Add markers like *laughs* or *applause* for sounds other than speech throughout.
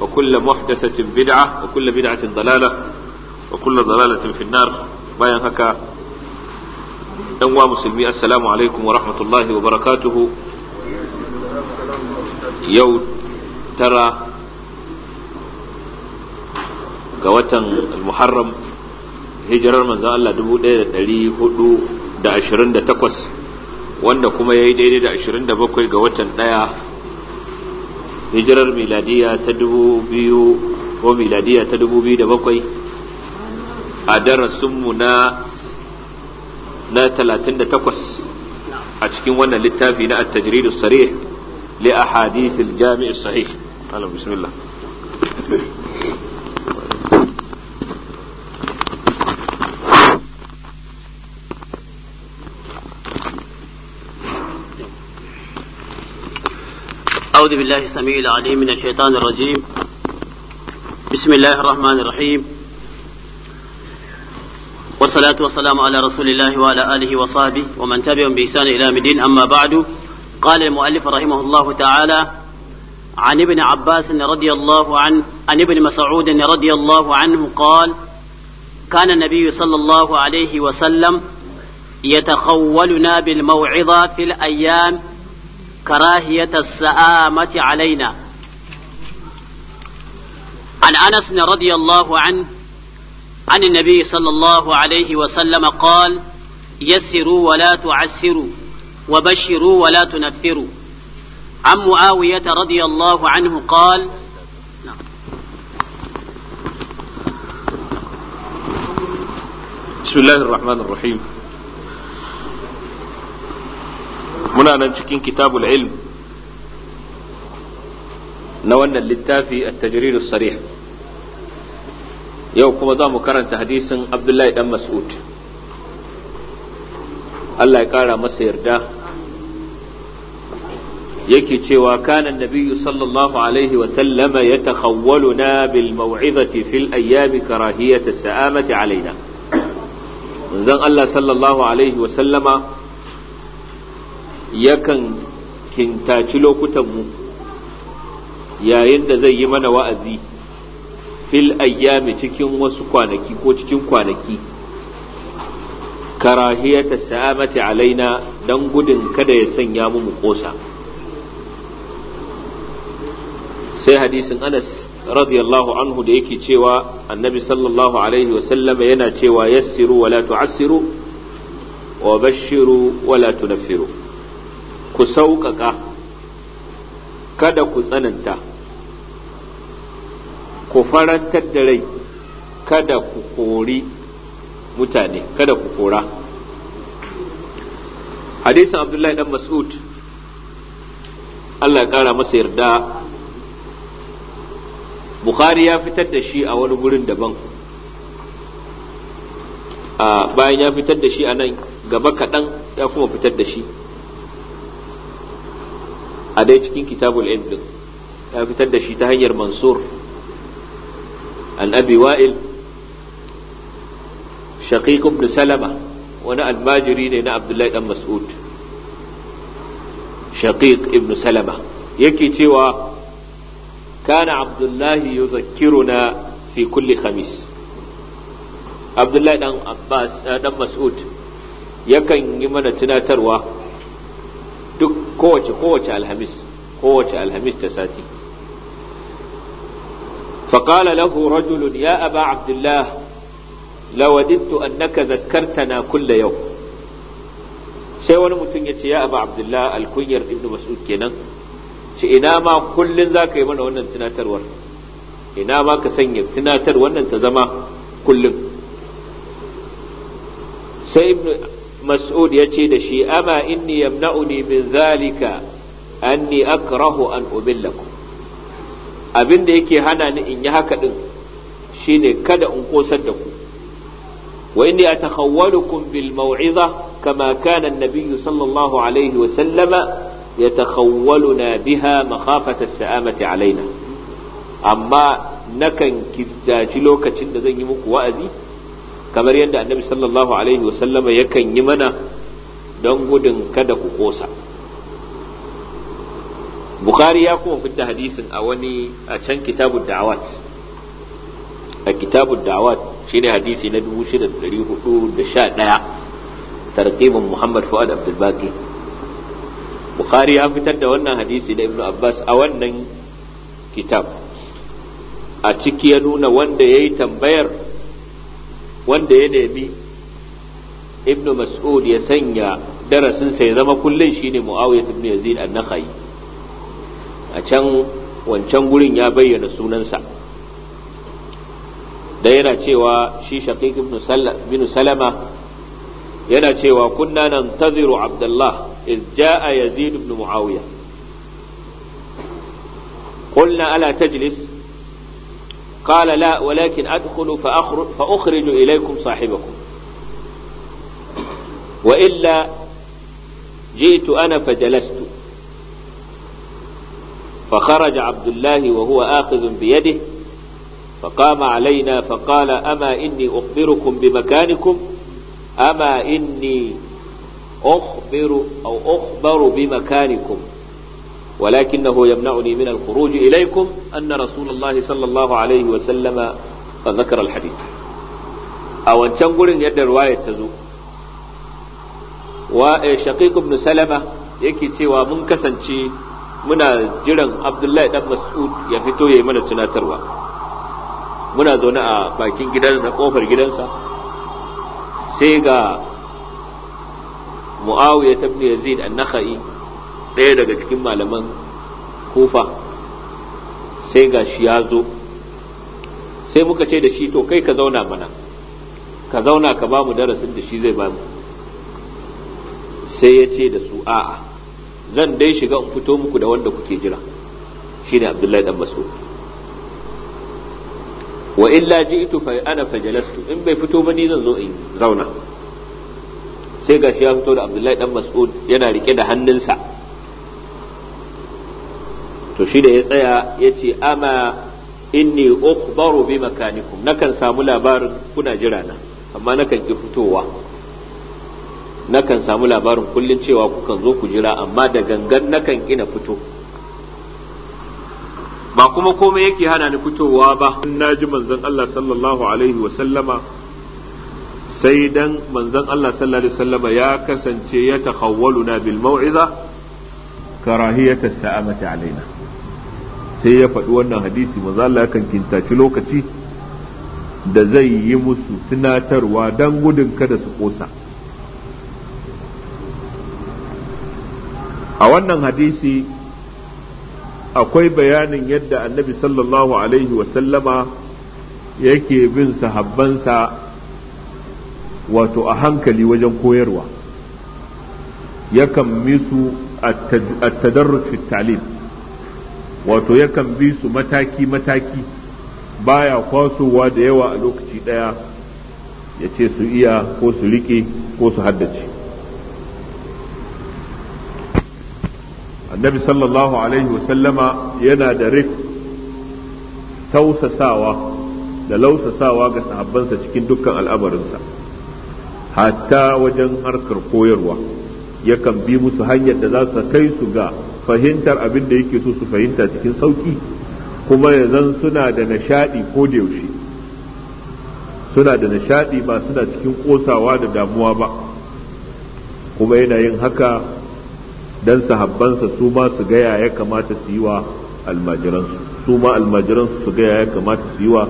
وكل محدثة بدعة وكل بدعة ضلالة وكل ضلالة في النار باين هكا أنواع مسلمي السلام عليكم ورحمة الله وبركاته يو ترى قوتا المحرم hijirar manzan Allah 1428 wanda kuma ya yi daidai da 27 ga watan ɗaya hijirar miladiya ta dubu biyu ko miladiya ta dubu biyu da bakwai a darasinmu na na talatin da takwas a cikin wannan littafi na at-tajridu sare li a al-jami' sahih bismillah أعوذ بالله السميع العليم من الشيطان الرجيم بسم الله الرحمن الرحيم والصلاة والسلام على رسول الله وعلى آله وصحبه ومن تبعهم بإحسان إلى مدين أما بعد قال المؤلف رحمه الله تعالى عن ابن عباس رضي الله عنه عن ابن مسعود رضي الله عنه قال كان النبي صلى الله عليه وسلم يتخولنا بالموعظة في الأيام كراهية السآمة علينا عن أنس رضي الله عنه عن النبي صلى الله عليه وسلم قال يسروا ولا تعسروا وبشروا ولا تنفروا عن معاوية رضي الله عنه قال بسم الله الرحمن الرحيم suna nan cikin kitabul ilm na wannan littafi a tajrir sarih yau kuma za mu karanta hadisin abdullahi dan mas'ud Allah ya kara masa yarda yake cewa kanan nabiyyu sallallahu alaihi wa sallama yatakhawwaluna bil maw'izati fil ayyami karahiyata sa'amati alaina zan Allah sallallahu alaihi wa sallama yakan kintaci lokutanmu yayin da zai yi mana wa'azi fil ayyami cikin wasu kwanaki ko cikin kwanaki karahiyata sa'amati alaina don gudun kada ya sanya mu mu kosa sai hadisin anas radiyallahu anhu da yake cewa annabi sallallahu alaihi wasallama yana cewa yassiru wala tu'assiru wa bashiru wala tunaffiru ku sauƙaƙa kada ku tsananta ku farantar da rai kada ku kori mutane kada ku kora hadisin abdullahi dan mas'ud Allah ya ƙara masa yarda Bukhari ya fitar da shi a wani gurin daban bayan ya fitar da shi a nan gaba kaɗan ya kuma fitar da shi a dai cikin kitabul ɗin ya fitar da shi ta hanyar mansur an abi wa'il shaqiq ibn salama wani almajiri ne na abdullahi dan mas'ud shaqiq ibn salama yake cewa kana abdullahi yuzakkiruna fi kulli khamis abdullahi dan abbas eh, dan mas'ud yakan yi mana tunatarwa duk kowace kowace alhamis kowace alhamis ta sati فقال له رجل يا أبا عبد الله لوددت أنك ذكرتنا كل يوم sai wani mutum ya ce ya abu abdullah alkunyar ibn mas'ud kenan ce ina ma kullun za yi mana wannan tunatarwar ina ma ka sanya tunatar wannan ta zama kullum sai mas'ud ya ce da shi ama inni yamna'uni min zalika anni akrahu an ubillakum abin da yake hana ni in yi haka din shine kada in kosar da ku wa inni atakhawwalukum bil maw'iza kama kana an-nabiy sallallahu alaihi wa sallama yatakhawwaluna biha makhafata as-sa'amati alaina amma nakan kiftaci lokacin da zan yi muku wa'azi kamar yadda annabi sallallahu alaihi wasallama yakan yi mana don gudun kada ku kosa bukhari ya kuma fita hadisin a wani a can kitabun da'awat a kitabun da'awat shine hadisi na 6411 tarqibin muhammad fuad abdulbaki bukhari ya fitar da wannan hadisi da ibnu abbas a wannan kitab a ciki ya nuna wanda ya yi tambayar wanda ya nemi ibnu mas'ud ya sanya darasinsa ya zama kullum shine muawiya ibn yazid an-nakhai a can wancan gurin ya bayyana sunansa da yana cewa shi shaqiq ibn salama yana cewa kunna nantaziru abdullah iz jaa yazid ibn muawiya قلنا ألا تجلس قال لا ولكن أدخل فأخرج, فأخرج إليكم صاحبكم وإلا جئت أنا فجلست فخرج عبد الله وهو آخذ بيده فقام علينا فقال أما إني أخبركم بمكانكم أما إني أخبر أو أخبر بمكانكم ولكنه يمنعني من الخروج إليكم أن رسول الله صلى الله عليه وسلم ذكر ya أو أن تنقل يد رواية تزو وشقيق بن سلمة yake cewa mun kasance muna jiran abdullahi dan mas'ud ya fito ya yi mana tunatarwa muna zaune a bakin gidansa kofar gidansa sai ga muawiya ibn yazid an-nakhai ɗaya daga cikin malaman kufa sai ga shi ya zo sai muka ce da shi to kai ka zauna mana ka zauna ka ba mu darasin da shi zai ba mu sai ya ce da su a'a zan dai shiga in fito muku da wanda kuke jira shi ne abdullahi dan Maso wa illa ito fa ana fajalastu in bai fito ba ni zan zo in zauna sai ga shi ya fito da abdullahi dan mas'ud yana rike da hannunsa to shi da ya tsaya ya ce ama inni ukhbaru bi makanikum nakan samu labarin kuna jira na amma nakan ki fitowa nakan samu labarin kullun cewa kukan zo ku jira amma da gangan nakan ina fito ba kuma komai yake hana ni fitowa ba na ji manzon Allah sallallahu alaihi wa sallama sai dan manzon Allah sallallahu alaihi wa sallama ya kasance ya takhawwaluna bil mau'iza karahiyata sa'amati alaina sai ya faɗi wannan hadisi maza Allah kan kintaci lokaci da zai yi musu tunatarwa don gudun kada su ƙosa a wannan hadisi akwai bayanin yadda annabi sallallahu alaihi wasallama yake bin sahabbansa wato a hankali wajen koyarwa yakan misu a tadarruj fi wato yakan bi su mataki mataki baya kwasowa da yawa a lokaci ɗaya ya ce su iya ko su riƙe ko su haddace annabi sallallahu alaihi wasallama yana da rik tausasawa da lausasawa ga sahabbansa cikin dukkan al'amarinsa hatta wajen harkar koyarwa yakan bi musu hanyar da za su kai su ga fahimtar abin da yake so su fahimta cikin sauki kuma yanzu. suna da nishadi ko da yaushe suna da nishadi ba suna cikin kosawa da damuwa ba kuma yana yin haka don sahabbansa su ma su gaya ya kamata su yi wa almajiransu su ma almajiransu su gaya ya kamata su yi wa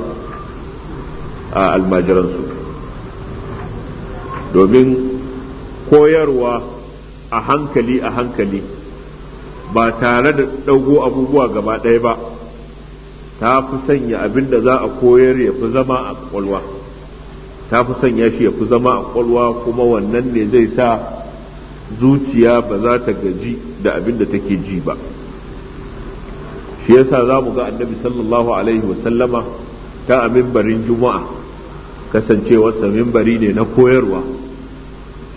almajiransu domin koyarwa a hankali a hankali ba tare da ɗago abubuwa gaba ɗaya ba ta fi sanya abin da za a koyar ya fi zama a ƙwalwa. ta fi sanya shi ya fi zama a ƙwalwa kuma wannan ne zai sa zuciya ba za ta gaji da abin da take ji ba shi yasa za mu ga annabi sallallahu alaihi wasallama ta a mimbarin juma'a kasancewarsa mimbari ne na koyarwa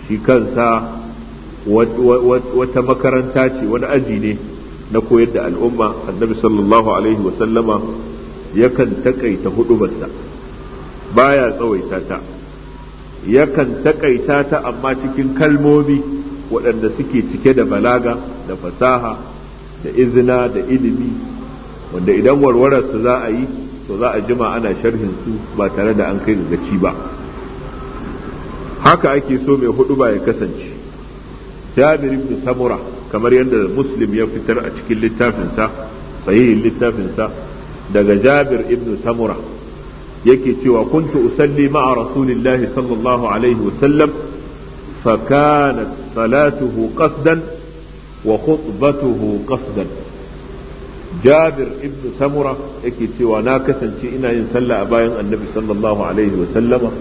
shi kansa wata makaranta ce wani aji ne na koyar da al'umma annabi sallallahu alaihi wasallama yakan takaita hudubarsa baya tsawaita ta yakan takaita ta amma cikin kalmomi waɗanda suke cike da balaga da fasaha da izina da ilimi wanda idan warwararsu za a yi to za a jima ana sharhin su ba tare da an kai gaci ba haka ake so mai huduba ya kasance jabir ibn samura kamar yadda muslim ya fitar a cikin littafinsa sahihin littafinsa daga jabir ibn samura yake cewa kuntu usalli ma'a rasulillahi sallallahu alaihi wasallam fa kanat salatuhu qasdan wa khutbatuhu qasdan jabir ibn samura yake cewa na kasance ina yin sallah a bayan annabi sallallahu alaihi wasallama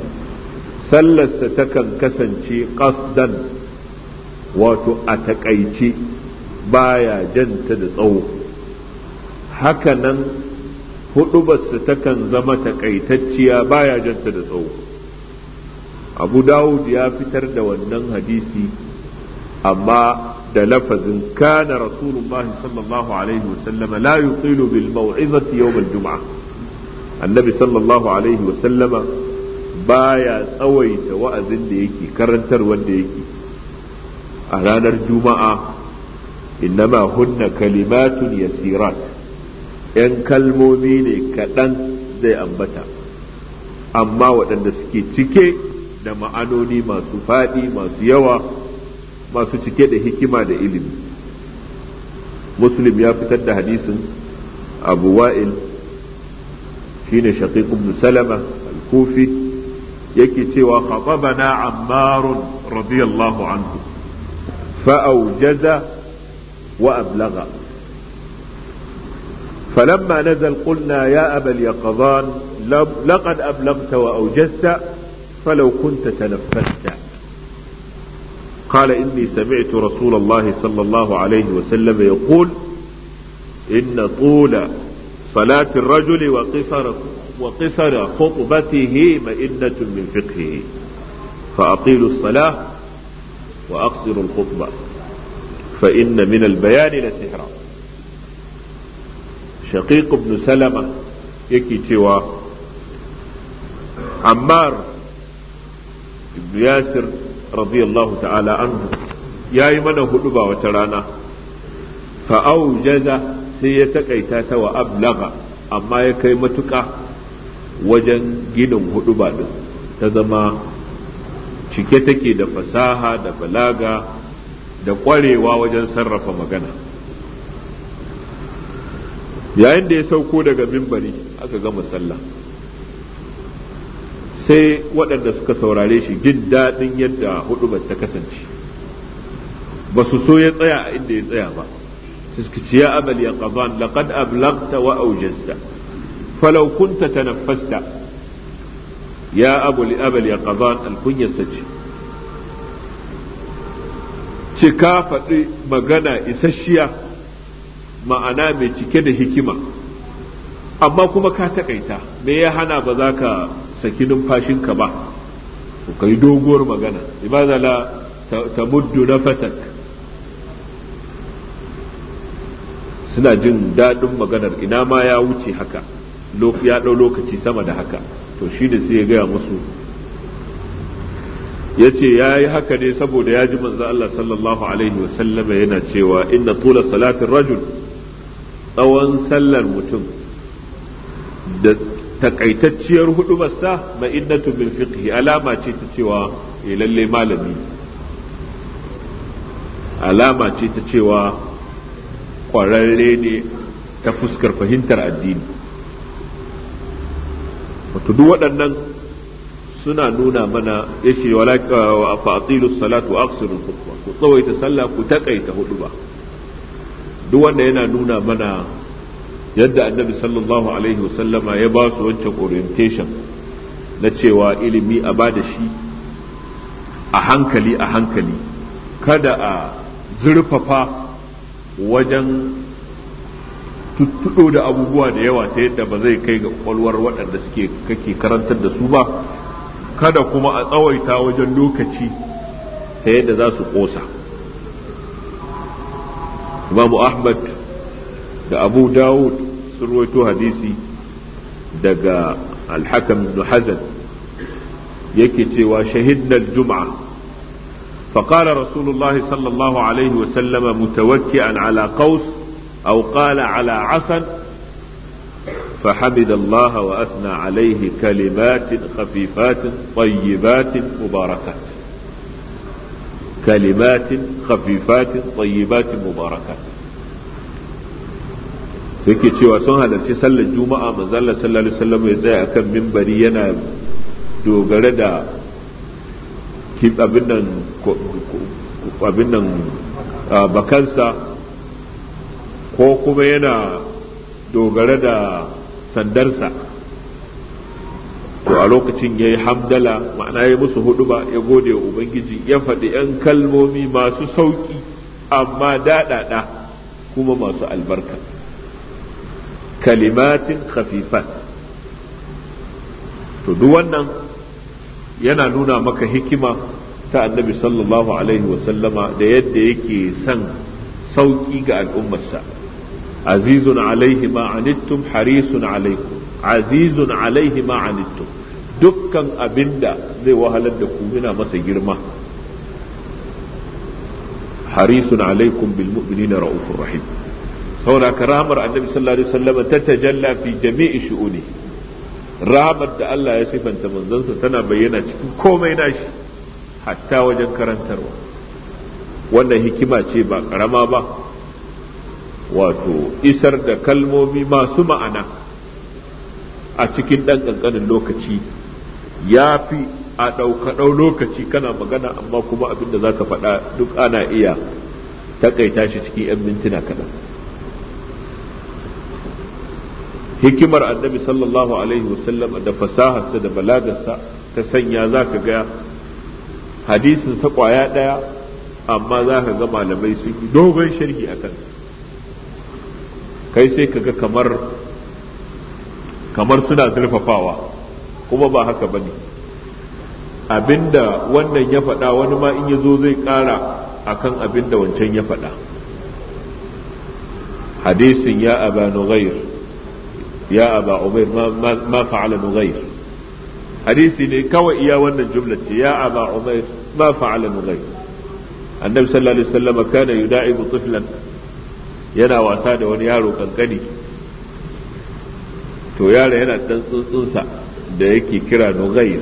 sallarsa takan kasance qasdan wato a takaice baya janta da tsawo hakanan hudubarsa takan zama takaitacciya baya janta da tsawo abu dawud ya fitar da wannan hadisi amma da lafazin kana rasulullah sallallahu alaihi wasallama la yutilu bil maw'izati yawm al-jum'a annabi sallallahu alaihi wasallama baya tsawaita wa'azin da yake karantar wanda yake a ranar juma'a innama hunna kalimatun yasirat yan kalmomi ne kaɗan zai ambata amma waɗanda suke cike da ma'anoni masu faɗi masu yawa masu cike da hikima da ilimi muslim ya fitar da hadisin abu wa'il shine shaqiq ibn salama al-kufi yake cewa khatabana ammarun radiyallahu anhu فأوجز وأبلغ فلما نزل قلنا يا أبا اليقظان لقد أبلغت وأوجزت فلو كنت تنفست قال إني سمعت رسول الله صلى الله عليه وسلم يقول إن طول صلاة الرجل وقصر وقصر خطبته مئنة من فقهه فأطيلوا الصلاة وأقصروا الخطبة فإن من البيان لسحرا شقيق بن سلمة يكي توا عمار بن ياسر رضي الله تعالى عنه يا يمنى هدبة وترانا فأوجز سيتكيتات وأبلغ أما يكيمتك وجن جنم هدبة ta zama cike take da fasaha da balaga da kwarewa wajen sarrafa magana yayin da ya sauko daga mimbari aka gama sallah sai waɗanda suka saurare shi jin daɗin yadda hudubar ta kasance ba su so ya tsaya a inda ya tsaya ba suka ce ya abal ya ƙazan laƙad ablaƙta wa aujesta. falau kunta tanaffasta ya abu li abal ya qazan ce cika faɗi magana isasshiya ma'ana mai cike da hikima amma kuma ka taƙaita me ya hana ba za ka saki numfashinka ba ku kai doguwar magana ibada ta muddu na fasak suna jin daɗin maganar ina ma ya wuce haka ya ɗau lokaci sama da haka to shi ne sai ya gaya musu ya ce ya yi haka ne saboda ya ji manzo Allah sallallahu alaihi wasallama yana cewa inna tula salatin rajul tsawon sallar mutum da takaitacciyar hudumarsa ma'innatu min fiqhi alama ce ta cewa ya eh, lalle malami alama ce ta cewa kwararre ne ta fuskar fahimtar addini wato duk waɗannan suna nuna mana ya ce wa fa'atilu salatu aqsiru ku tsawaita sallah ku taƙaita hudu ba duk wanda yana nuna mana yadda annabi sallallahu alaihi wasallama ya ba su wancan orientation na cewa ilimi a ba da shi a hankali a hankali kada a zurfafa wajen tuttuɗo da abubuwa da yawa ta yadda ba zai kai ga kwalwar waɗanda suke kake karantar da su ba kada kuma a tsawaita wajen lokaci ta yadda za su ƙosa imamu ahmad da abu dawud sun rawaito hadisi daga alhakam ibn hazan yake cewa shahidnal juma'a فقال رسول الله صلى الله عليه وسلم متوكئا على قوس أو قال على عسل فحمد الله وأثنى عليه كلمات خفيفات طيبات مباركات كلمات خفيفات طيبات مباركات yake cewa sun halarci sallar juma'a manzala sallallahu alaihi wasallam ya tsaya akan mimbari yana dogare da abin nan bakansa ko kuma yana dogara da sandarsa to a lokacin ya yi hamdala ma'ana ya musu hudu ba ya gode wa ubangiji ya faɗi 'yan kalmomi masu sauƙi amma daɗaɗa kuma masu albarka kalimatin khafifat to duk wannan yana nuna maka hikima ta annabi sallallahu alaihi wasallama da yadda yake son sauƙi ga al'ummarsa azizun alaihi ma anittum harisun alaikum azizun alaihi ma anittum dukkan abinda zai wahalar da ku masa girma harisun alaikum bil mu'minina raufur rahim karamar annabi sallallahu alaihi ta tajallafi fi jami'i shu'uni rahamar da Allah ya sifanta manzansa tana bayyana cikin komai nashi hatta wajen karantarwa wannan hikima ce ba karama ba wato isar da kalmomi masu ma'ana a cikin ɗan ƙanƙanin lokaci ya fi a ɗaukaɗau lokaci kana magana amma kuma abin da za ka faɗa duk ana iya taƙaita shi cikin 'yan mintuna kaɗan hikimar annabi sallallahu alaihi wasallam da fasaharsa da balagarsa ta sanya za ka ga hadisinsa ƙwaya ɗaya amma za ka ga malamai sun yi dogon sharhi a kansa kai sai kaga kamar kamar suna zurfafawa kuma ba haka ba ne abinda wannan ya faɗa wani ma in ya zo zai ƙara akan abinda wancan ya faɗa hadisin ya aba nughair ya aba umair ma fa'ala nughair hadisi ne kawai iya wannan jumlar ce ya aba umair ma fa'ala nughair annabi sallallahu alaihi wasallam kana yuda'ibu tiflan yana wasa da wani yaro kankani to yaro yana dan tsuntsunsa da yake kira nogayir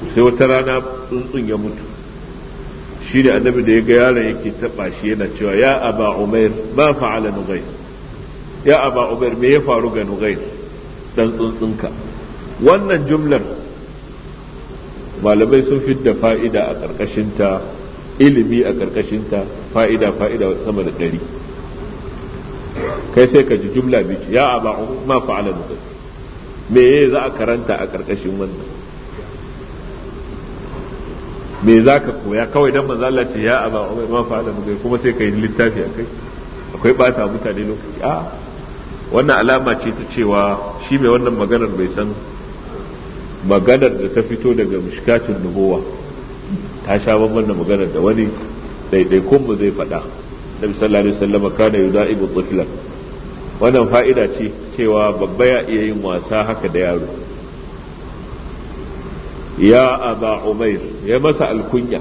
to sai wata rana tsuntsun ya mutu shi da annabi da ya ga yaron yake taba shi yana cewa ya aba umair ma fa'ala nugayr ya aba umair me ya faru ga nugayr dan tsuntsunka wannan jumlar malamai sun fidda fa'ida a ƙarƙashinta ilimi a ƙarƙashinta fa'ida fa'ida sama da ɗari kai sai ka ji jumla biyu ya aba ma fa'ala mutum me za a karanta a karkashin wannan me za ka koya kawai dan manzo Allah ce ya aba umar ma fa'ala mutum kuma sai ka yi littafi a kai akwai bata mutane lokaci a wannan alama ce ta cewa shi mai wannan maganar bai san maganar da ta fito daga mishkatin nubuwa ta sha bamban da maganar da wani daidaikun mu zai faɗa nabi sallallahu alaihi wasallam kana yudaibu tiflan wannan fa'ida ce cewa babba ya iya yin wasa haka da yaro ya aba umair ya masa alkunya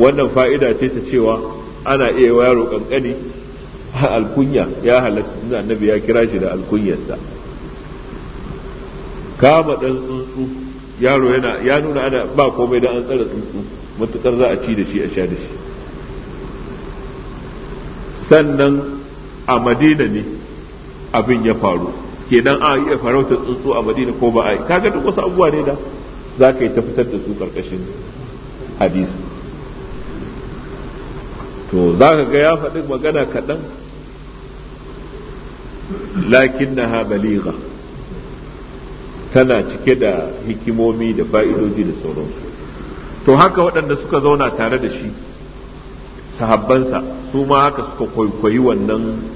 wannan fa'ida ce ta cewa ana iya yi yaro kankani alkunya ya halatta annabi ya kira shi da alkunyarsa kama ɗan tsuntsu yaro yana ya nuna ana ba komai da an tsara tsuntsu matuƙar za a ci da shi a sha da shi sannan a madina ne abin ya faru kenan a iya farautar tsuntsu a madina ko ba a yi kaga duk wasu abubuwa ne da za ka yi ta fitar da su karkashin hadisi to za ka ga ya faɗi magana kaɗan lakin na ha baliga tana cike da hikimomi da fa'idoji da sauransu to haka waɗanda suka zauna tare da shi sahabbansa su ma haka suka kwaikwayi wannan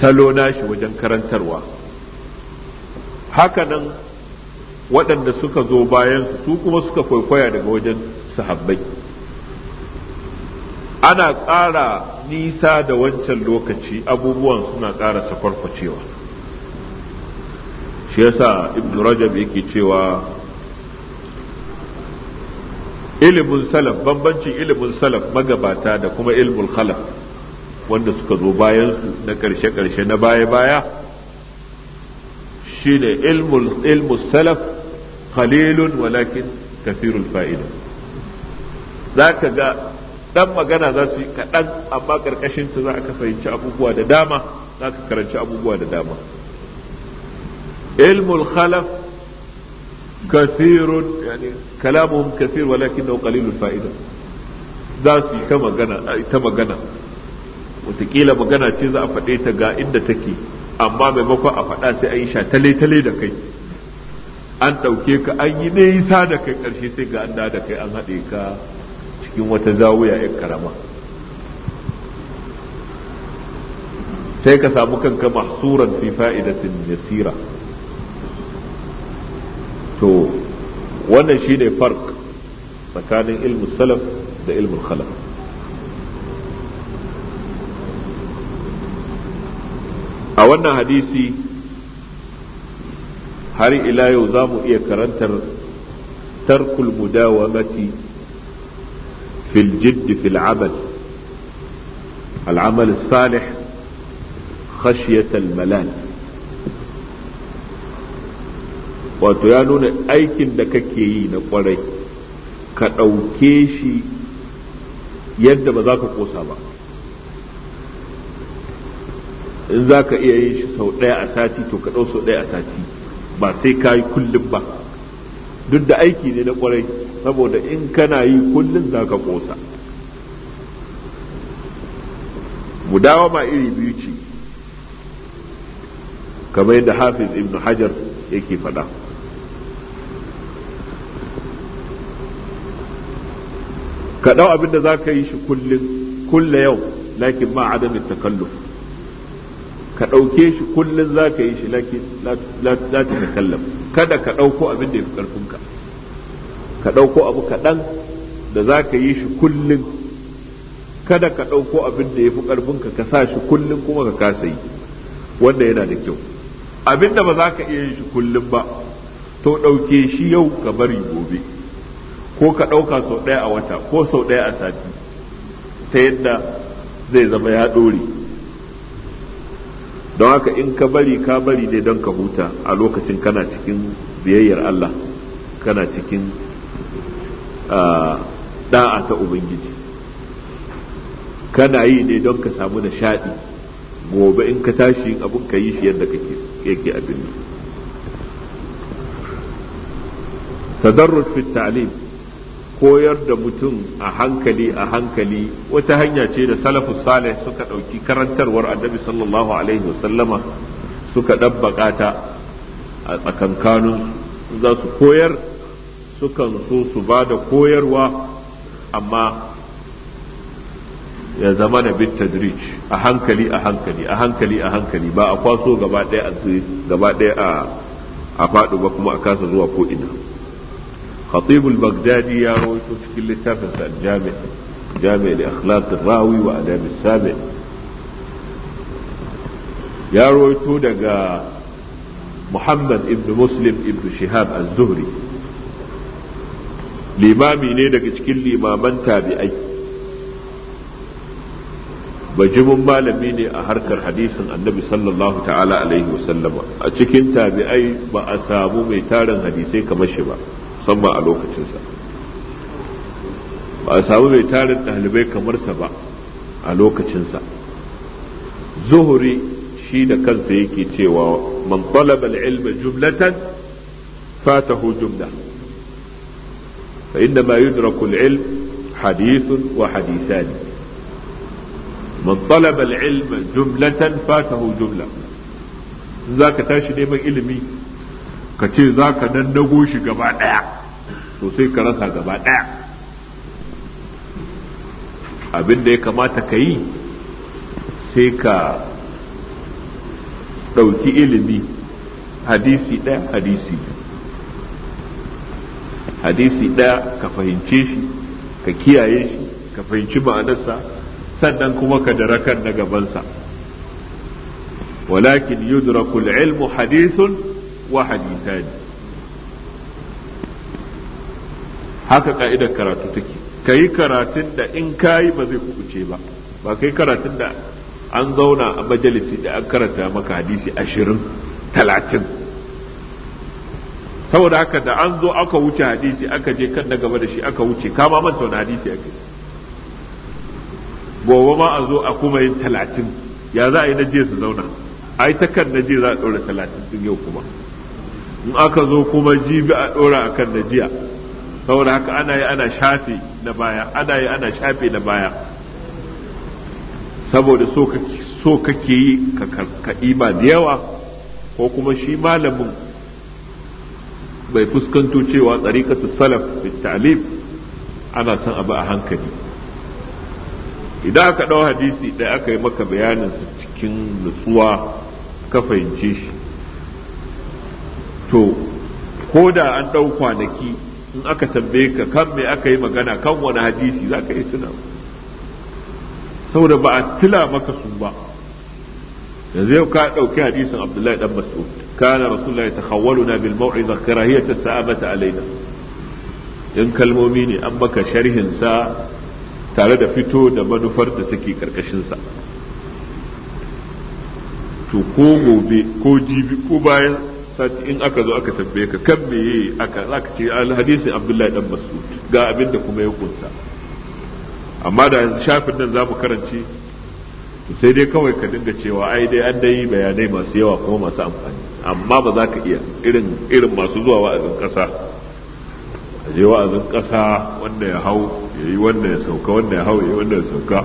salo nashi wajen karantarwa hakanan waɗanda suka zo bayan su kuma suka kwaikwaya daga wajen sahabbai ana ƙara nisa da wancan lokaci abubuwan suna ƙara sakwarkwacewa shi yasa ibn rajab yake cewa ilimin salaf bambancin ilimin salaf magabata da kuma ilimin khalaf wanda suka zo bayansu na ƙarshe-ƙarshe na baya-baya shi ne ilmu salaf khalilun walakin kafirul fa'ida za ka ga ɗan magana za su yi kaɗan amma ƙarƙashinta za ka fahimci abubuwa da dama za ka karanci abubuwa da dama ilmul khalaf kafirun yani kalamuhum kafir walakin nau qalilul fa'ida za su yi ta magana watakila magana ce za a faɗe ta ga inda take amma maimakon a faɗa sai an yi shataletale tale da kai an ɗauke ka an yi nisa da kai ƙarshe sai ga an da da kai an haɗe ka cikin wata zawuya yan karama sai ka samu kanka mahsuran fi fa'idatin yasira to wannan shine fark tsakanin ilmu salaf da ilmu khalaf a wannan hadisi har ila yau za mu iya karantar tarkul mudawamati fil jiddi fil amal al'amal salih khashiyatal malal wato ya nuna aikin da kake yi na kwarai ka ɗauke shi yadda ba za ka kosa ba in za ka iya yin shi sau ɗaya a sati to ka ɗau sau ɗaya a sati ba sai ka yi kullum ba duk da aiki ne na ƙwarai saboda in kana yi kullum za ka ƙosa ma iri biyu ce kamar yadda hafiz ibn hajar yake faɗa ka ɗau abin da za ka yi shi kullum kulle yau lakin ma adamin takalluf ka ɗauke shi kullum za ka yi shi za ta kallam. kada ka ɗauko abin da ya fi ƙarfinka ka ɗauko abu kaɗan da za ka yi shi kullum kada ka ɗauko abin da ya fi ƙarfinka ka sa shi kullum kuma ka kasa yi wanda yana da kyau abin da ba za ka iya yin shi kullum ba to ɗauke shi yau ka bari gobe ko ka ɗauka sau ɗaya a wata ko sau ɗaya a sati ta yadda zai zama ya ɗore don haka in ka bari ka bari ne don ka huta a lokacin kana cikin biyayyar Allah kana cikin da'a ta Ubangiji kana yi ne don ka samu nishaɗi gobe in ka tashi yin abin ka yi shi yadda yake abin tadarrus fi ta'lim koyar da mutum a hankali a hankali wata hanya ce da salafu salih suka ɗauki karantarwar annabi sallallahu alaihi wasallama suka ɗabbaƙa ta a tsakankanin za su koyar sukan so su ba da koyarwa amma ya zama na bit tadrij a hankali a hankali a hankali a hankali ba a kwaso gaba ɗaya a faɗo ba kuma a kasa zuwa ko ina khatib Bagdadi baghdadi ya rawaito cikin littafin al-jami' jami' li akhlaq ar-rawi wa adab ya rawaito daga muhammad ibn muslim ibn shihab az-zuhri limami ne daga cikin limaman tabi'ai bajimin malami ne a harkar hadisin annabi sallallahu ta'ala alaihi wasallama a cikin tabi'ai ba a samu mai tarin hadisai kamar shi ba musamman a lokacinsa ba a samu mai tarin ɗalibai kamar sa ba a lokacinsa zuhuri shi da kansa yake cewa man talaba ilma jumlatan fatahu jumla fa inda ma yudraku ilm hadithun wa hadithani man talaba ilma jumlatan fatahu jumla za ka tashi neman ilimi ka ce za ka nan shi gaba ɗaya to sai ka rasa gaba ɗaya abin da ya kamata ka yi sai ka ɗauki ilimi hadisi ɗaya hadisi hadisi ɗaya ka fahimce shi ka kiyaye shi ka fahimci ma'anarsa sannan kuma ka darakar na gabansa walakin yudrakul ilmu hadithun wa haka ka'idar karatu take ka yi karatun da in ka yi ba zai kubuce ba ba kai karatun da an zauna a majalisi da an karanta maka hadisi ashirin talatin saboda haka da an zo aka wuce hadisi aka je kan na gaba da shi aka wuce kama manta wani hadisi ake. gobe ma a zo a kuma yin talatin ya za a yi na je su zauna yi ta kan na je za a ɗora talatin din yau kuma in aka zo kuma jibi a ɗora a kan na jiya saboda haka ana yi ana shafe da baya ana yi ana shafe da baya saboda so kake yi ka ima da yawa ko kuma shi malamin bai fuskanto cewa tsarikatu salaf da talib ana son abu a hankali idan aka ɗau hadisi ɗaya aka yi maka bayanin su cikin nutsuwa ka fahimce shi to ko da an ɗau kwanaki in aka tambaye ka kan me aka yi magana kan wani hadisi za ka yi tuna saboda ba a tila maka su ba yanzu yau ka ɗauki hadisin abdullahi dan mas'ud kana rasulullahi takhawwaluna bil maw'iza sa sa'abata alaina in kalmomi ne an baka sharhin sa tare da fito da manufar da take karkashin sa to ko gobe ko jibi ko bayan sati in aka zo aka tambaye ka kan meye aka zaka ce hadisin abdullahi dan mas'ud ga abin da kuma ya kunsa amma da shafin nan zamu karanci sai dai kawai ka dinga cewa ai dai an dai bayanai masu yawa kuma masu amfani amma ba za ka iya irin irin masu zuwa wa'azin kasa a je wa'azin kasa wanda ya hau yayi wanda ya sauka wanda ya hau yayi wanda ya sauka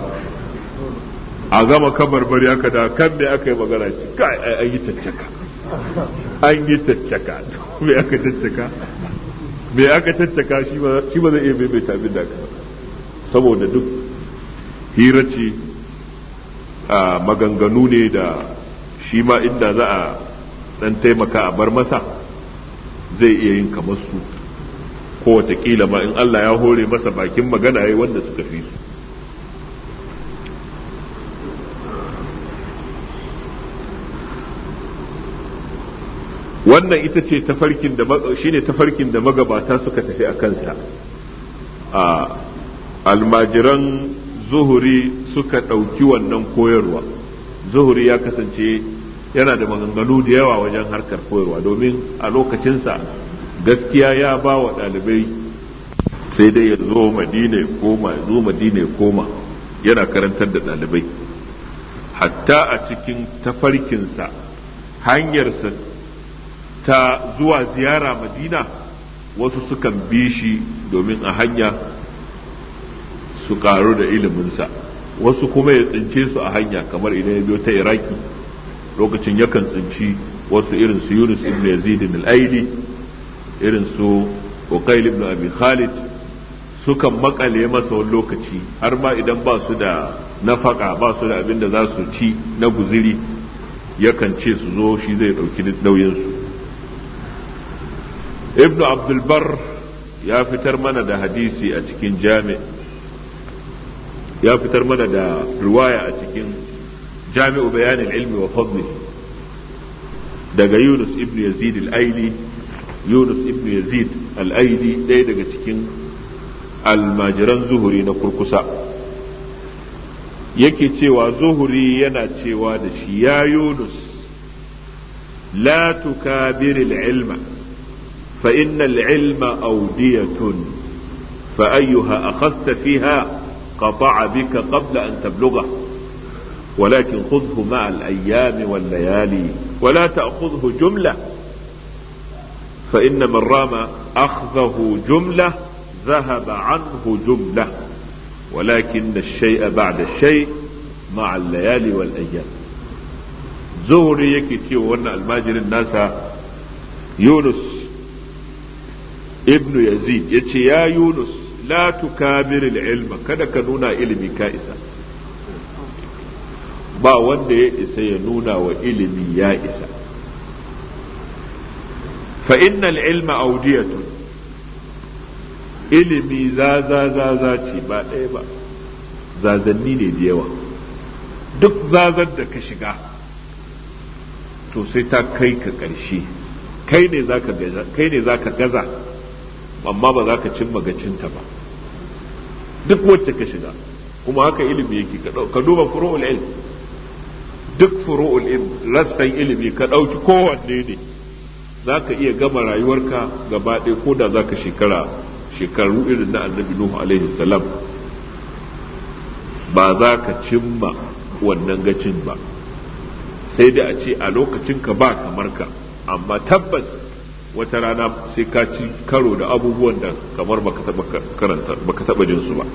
a gama kamar bari haka da kan da aka yi magana ci kai ai yi caccaka an yi caccaka me aka tattaka me aka caccaka shi ba zai iya maimaita abin da aka saboda duk hira a maganganu ne da shi ma inda za a dan taimaka a bar masa zai iya yin kamar su ko watakila ma in Allah ya hore masa bakin magana yayi wanda suka fi su wannan ita ce tafarkin da shi shine tafarkin da magabata suka tafi a kansa a almajiran zuhuri suka ɗauki wannan koyarwa zuhuri ya kasance yana da maganganu da yawa wajen harkar koyarwa domin a lokacinsa gaskiya ya ba wa ɗalibai sai dai ya zo madina ya koma ya zo madina ya koma yana karantar da ɗalibai hatta a cikin tafarkinsa hanyarsa ta zuwa ziyara madina wasu sukan bi shi domin a hanya su karu da iliminsa wasu kuma ya tsince su a hanya kamar idan ya biyo ta iraki lokacin yakan tsinci wasu irin su yunus ibn yazid al aidi irin su uqayl ibn abi khalid sukan makale masa wani lokaci har ma idan ba su da nafaka ba su da abin da za su ci na guziri yakan ce su zo shi zai dauki nauyin su ibnu abdulbar ya fitar mana da hadisi a cikin jami ya fitar mana da riwaya a cikin jami'u bayanin ilmi wa fadli daga yunus ibn yazid al-aili yunus ibn yazid al-aili ɗaya daga cikin almajiran zuhuri na kurkusa yake cewa zuhuri yana cewa da shi ya yunus la tukabiril ilma فإن العلم أودية فأيها أخذت فيها قطع بك قبل أن تبلغه ولكن خذه مع الأيام والليالي ولا تأخذه جملة فإن من رام أخذه جملة ذهب عنه جملة ولكن الشيء بعد الشيء مع الليالي والأيام زهري يكتي وأن الماجر الناس يونس ibnu yazid yace ya yunus la tukamir ilma kada ka nuna ilimi ka isa ba wanda ya isa ya nuna wa ilimi ya isa fa innal ilma audiyatun ilimi za za ce ba ɗaya ba zazanni ne da yawa duk zazar da ka shiga to ta kai ka ƙarshe kai ne za ka gaza amma ba za ka cimma ta ba duk wacce ka shiga kuma haka ilimi yake ka duba furu'ul ilm duk furu'ul ilm rassan ilimi ka ɗauki kowanne ne za ka iya gama rayuwarka gaba ɗaya ko da za ka shekara shekaru irin na annabi nuhu alaihi salam ba za ka cimma wannan gacin ba sai dai a ce a lokacin ka ba kamar ka amma tabbas wata rana sai ka ci karo da abubuwan da kamar baka taba jin su ba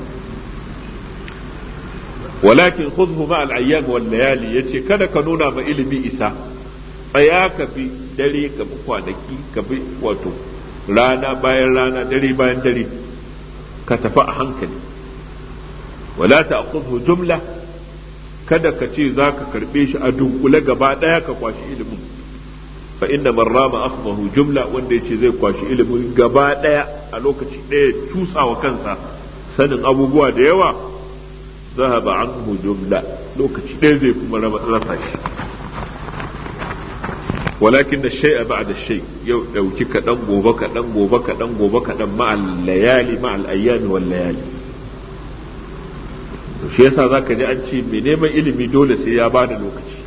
walakin khudhu ma al ayyam wal layali yace kada ka nuna ma ilimi isa tsaya ka fi dare ka bi kwanaki ka bi wato rana bayan rana dare bayan dare ka tafi a hankali wala ta'khudhu jumla kada ka ce zaka karɓe shi a dunkule gaba ɗaya, ka kwashi ilimin fa inna man rama akhdahu jumla wanda ya ce zai kwashi ilimin gaba daya a lokaci daya tusa wa kansa sanin abubuwa da yawa zahaba anhu jumla lokaci daya zai kuma rasa shi walakin da shay'a ba'da shay yau dauki kadan gobe kadan gobe kadan gobe kadan ma'al layali ma'al ayyami wal layali to yasa zaka ji an ce me neman ilimi dole sai ya bada lokaci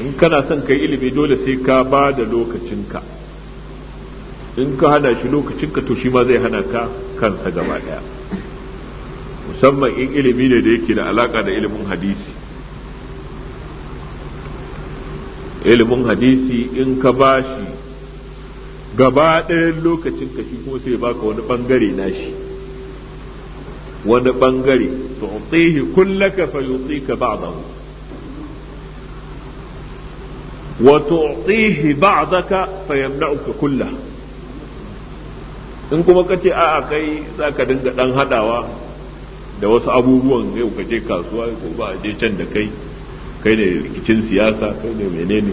in kana son yi ilimi dole sai ka ba da lokacinka in ka hana shi lokacinka to shi ma zai hana ka kansa gaba daya musamman in ilimi ne da yake da alaka da ilimin hadisi ilimin hadisi in ka ba shi gaba ɗayan lokacinka shi kuma sai baka wani ɓangare na shi wani ɓangare tu'tihi kullaka fa yutika ba'dahu wa tu'tihi ba'daka fa in kuma kace a'a kai zaka dinga dan hadawa da wasu abubuwan yau ka je kasuwa ko ba a je can da kai kai ne rikicin siyasa kai ne menene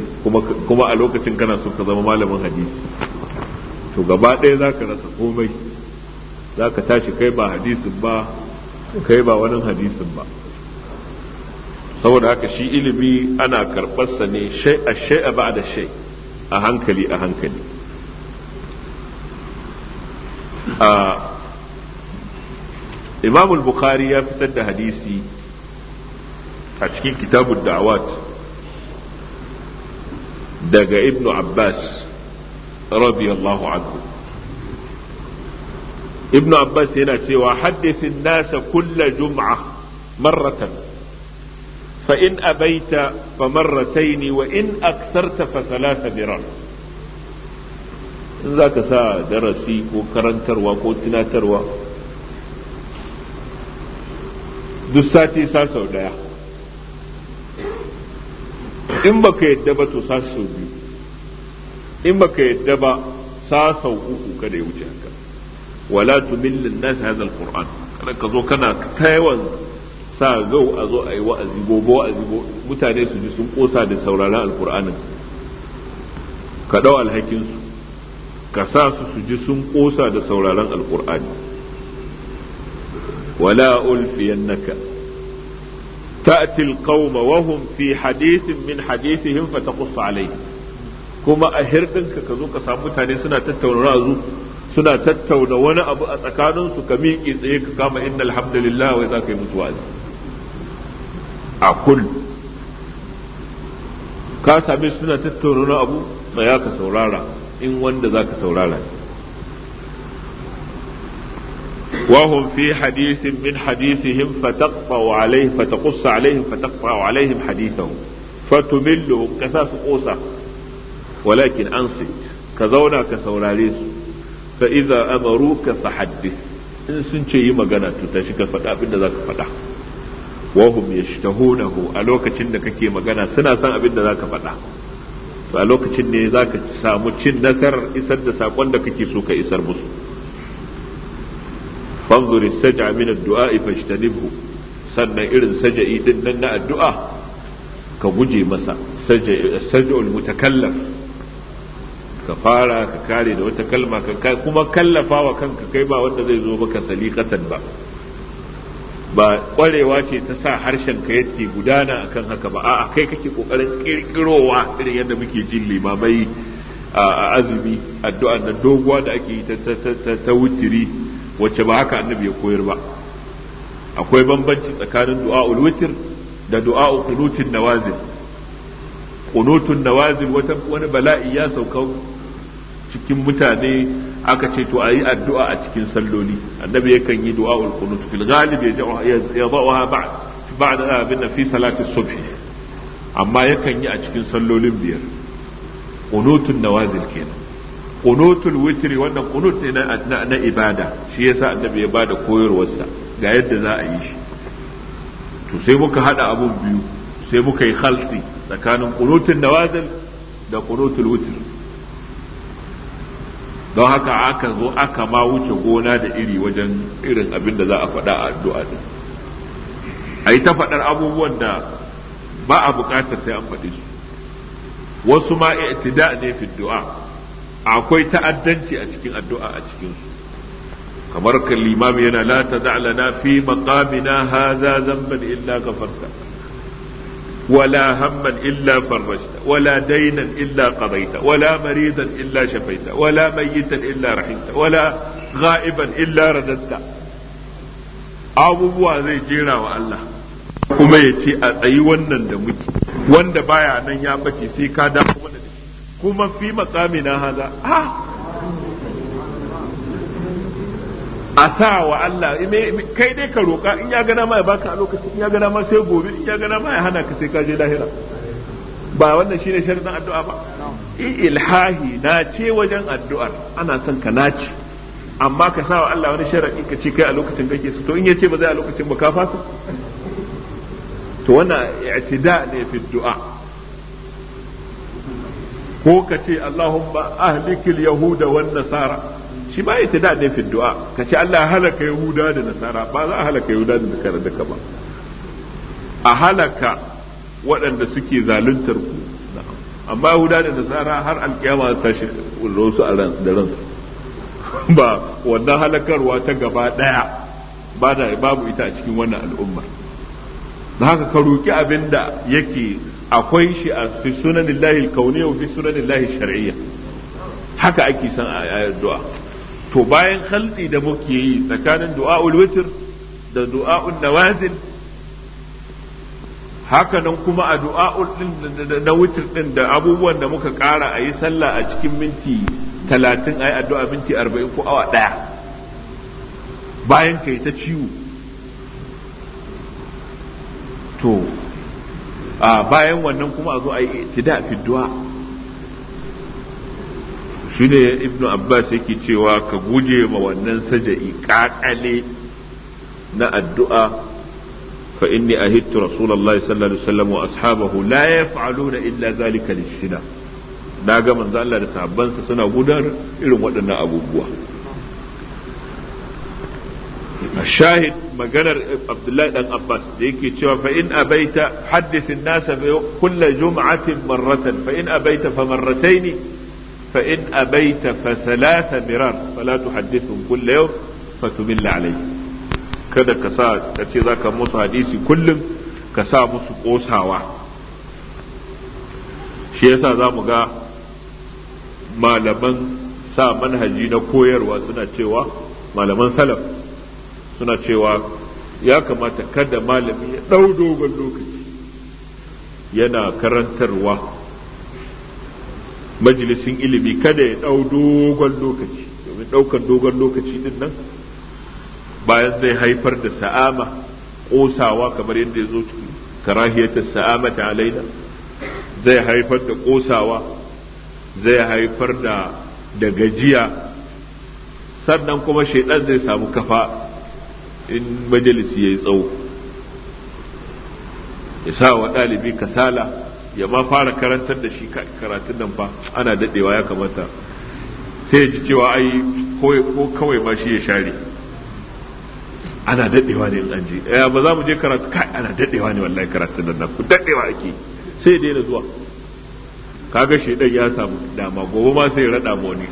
kuma a lokacin kana so ka zama malamin hadisi to gaba ɗaya za ka rasa komai za ka tashi kai ba hadisin ba kai ba wani hadisin ba saboda haka shi ilimi ana karɓarsa ne shai a shai a da shai a hankali a hankali a imam bukhari ya fitar da hadisi a cikin kitabun da'awat daga ibn abbas radiyallahu anhu ibn abbas yana cewa haddisin nasa kulla jum'a marratan fa in abaita fa marrataini wa in aktarta fa salasa dirar in za ka sa darasi ko karantarwa ko tunatarwa duk sati sa sau in baka yadda ba to sa sau biyu in baka yadda ba sa uku kada ya wuce haka wala tumillin nas hadha ka zo kana ta sa gau a zo a yi wa'azi gobe wa'azi mutane su ji sun kosa da sauraron alkur'anin ka ɗau alhakinsu ka sa su su ji sun kosa da sauraron alkur'ani wala ulfiyannaka ta'ti alqauma wa hum fi hadithin min hadithihim fa taqus alayhi kuma a hirdinka ka zo ka samu mutane suna tattauna ra'azu suna tattauna wani abu a tsakaninsu ka miƙe tsaye ka kama inna alhamdulillah wai za ka yi musu wa'azi a kul ka same suna tattauna abu tsaya ka saurara in wanda za ka saurara وهم في حديث من حديثهم فتقطع عليه فتقص عليهم فتقطع عليهم حديثهم فتملهم كساس قوسة ولكن أنصت كزونا كسوراليس فإذا أمروك فحدث إن سنشي مغانا تتشك فتاة بنا ذاك فتاة wahum yashtahunahu a lokacin da kake magana suna son abin da zaka faɗa a lokacin ne zaka samu cin nasarar isar da sakon da kake so ka isar musu fanzur saja min ad-du'a sannan irin saja'i din nan na addu'a ka guje masa saja'ul mutakallaf ka fara ka kare da wata kalma ka kuma kallafa wa kanka kai ba wanda zai zo maka katan ba ba kwarewa ce ta sa harshen ka yake gudana akan haka ba a'a kai kake kokarin kirkirowa irin yadda muke jin limamai a azumi addu'a doguwa da ake yi ta wutiri wacce ba haka annabi ya koyar ba akwai bambanci tsakanin du'a'ul witr da du'a'ul qunutun nawazil qunutun nawazil wata wani bala'i ya sauka cikin mutane aka ce to ayi addu'a a cikin salloli annabi yakan yi du'a ul qunut fil ghalib ya da'uha ba'd ba'd eh, abin fi salati subh amma yakan yi a cikin sallolin biyar qunutun nawazil kenan qunutul witr wannan qunut ne na ibada shi yasa annabi ya bada koyarwarsa ga yadda za a yi shi to sai muka hada abun biyu sai muka yi khalti tsakanin qunutun nawazil da qunutul witr don haka aka zo aka ma wuce gona da iri wajen irin abin da za a faɗa a addu'a din a yi ta faɗar abubuwan da ba a buƙatar sai an faɗi su wasu ma i'tida ne fi du'a akwai ta'addanci a cikin addu'a a cikin su kamar kan limami yana la tad'alana fi maqamina hadha dhanban illa ghafarta ولا هما إلا فرجت ولا دينا إلا قضيت ولا مريضا إلا شفيت ولا ميتا إلا رحمت ولا غائبا إلا رددت abubuwa zai jera wa Allah kuma ya ce a tsayi wannan da muke wanda baya nan ya bace sai ka dawo mana da kuma fi makami na haza ah sa wa Allah eh, kai dai ka roƙa in ya gana ma ya baka a lokacin in ya gana ma sai gobe in ya gana ma ya hana ka sai ka je lahira ba wannan shine sharadin addu'a ba eh, ilhahi na ce wajen addu'ar ana son ka nace amma ka sa wa Allah wani sharadi ka ce kai a lokacin kake so to in yace ba zai a lokacin ba ka fasa to wannan i'tida ne fi du'a ko ka ce Allahumma ahlikil yahuda wan nasara shi ma itida ne fi du'a ka ce Allah halaka yahuda da nasara ba za a halaka yahuda da nasara duka ba a halaka waɗanda suke zaluntar ku amma yahuda da nasara har alƙiyama ta shi su a ran da ran ba wannan halakarwa ta gaba ɗaya ba da babu ita a cikin wannan al'ummar da haka ka roki abinda yake akwai shi a fi sunan lahi kauniyar fi sunan lahi shar'iyya haka ake san a addu'a to bayan khalti da muke yi tsakanin du'a'ul witr da du'a'ul nawazil haka nan kuma a du'a'ul din na witr din da abubuwan da muka kara a yi sallah a cikin minti talatin a yi addu'a minti arba'in ko awa ɗaya bayan kai ta ciwo to a bayan wannan kuma a zo a yi tida fi du'a shine ibnu abbas yake cewa ka guje ma wannan saja'i kakale na addu'a fa inni ahittu rasulullahi sallallahu alaihi wasallam wa ashabahu la yaf'aluna illa zalika lishina na ga manzo da sahabbansa suna gudanar irin waɗannan abubuwa shahid maganar abdullahi dan abbas da yake cewa fa in abaita haddith an-nas kullu jum'atin marratan fa in abaita fa marrataini فإن أبيت فثلاث مرار فلا تحدثهم كل يوم فتمل عليه kada ka sa ka ce za ka musu hadisi kullum ka sa musu ƙosawa shi yasa za mu ga malaman sa manhaji na koyarwa suna cewa malaman salaf suna cewa ya kamata kada malami ya ɗau dogon lokaci yana karantarwa majalisin ilimi kada ya ɗau dogon lokaci domin ɗaukar dogon lokaci din nan bayan zai haifar da sa'ama ƙosawa kamar yadda ya zo cikin karahiyatar sa'ama ta alaina zai haifar da ƙosawa zai haifar da da gajiya sannan kuma shaidan zai samu kafa in majalisi ya yi tsawo ya sa wa ɗalibi kasala ya ma fara karantar da shi karatun nan fa ana dadewa ya kamata sai ya ji cewa ai ko kawai ma shi ya share ana dadewa ne in an je eh ba za mu je karatu kai ana dadewa ne wallahi karatun nan ku dadewa ake sai ya daina zuwa kaga dan ya samu dama gobe ma sai ya rada mu wani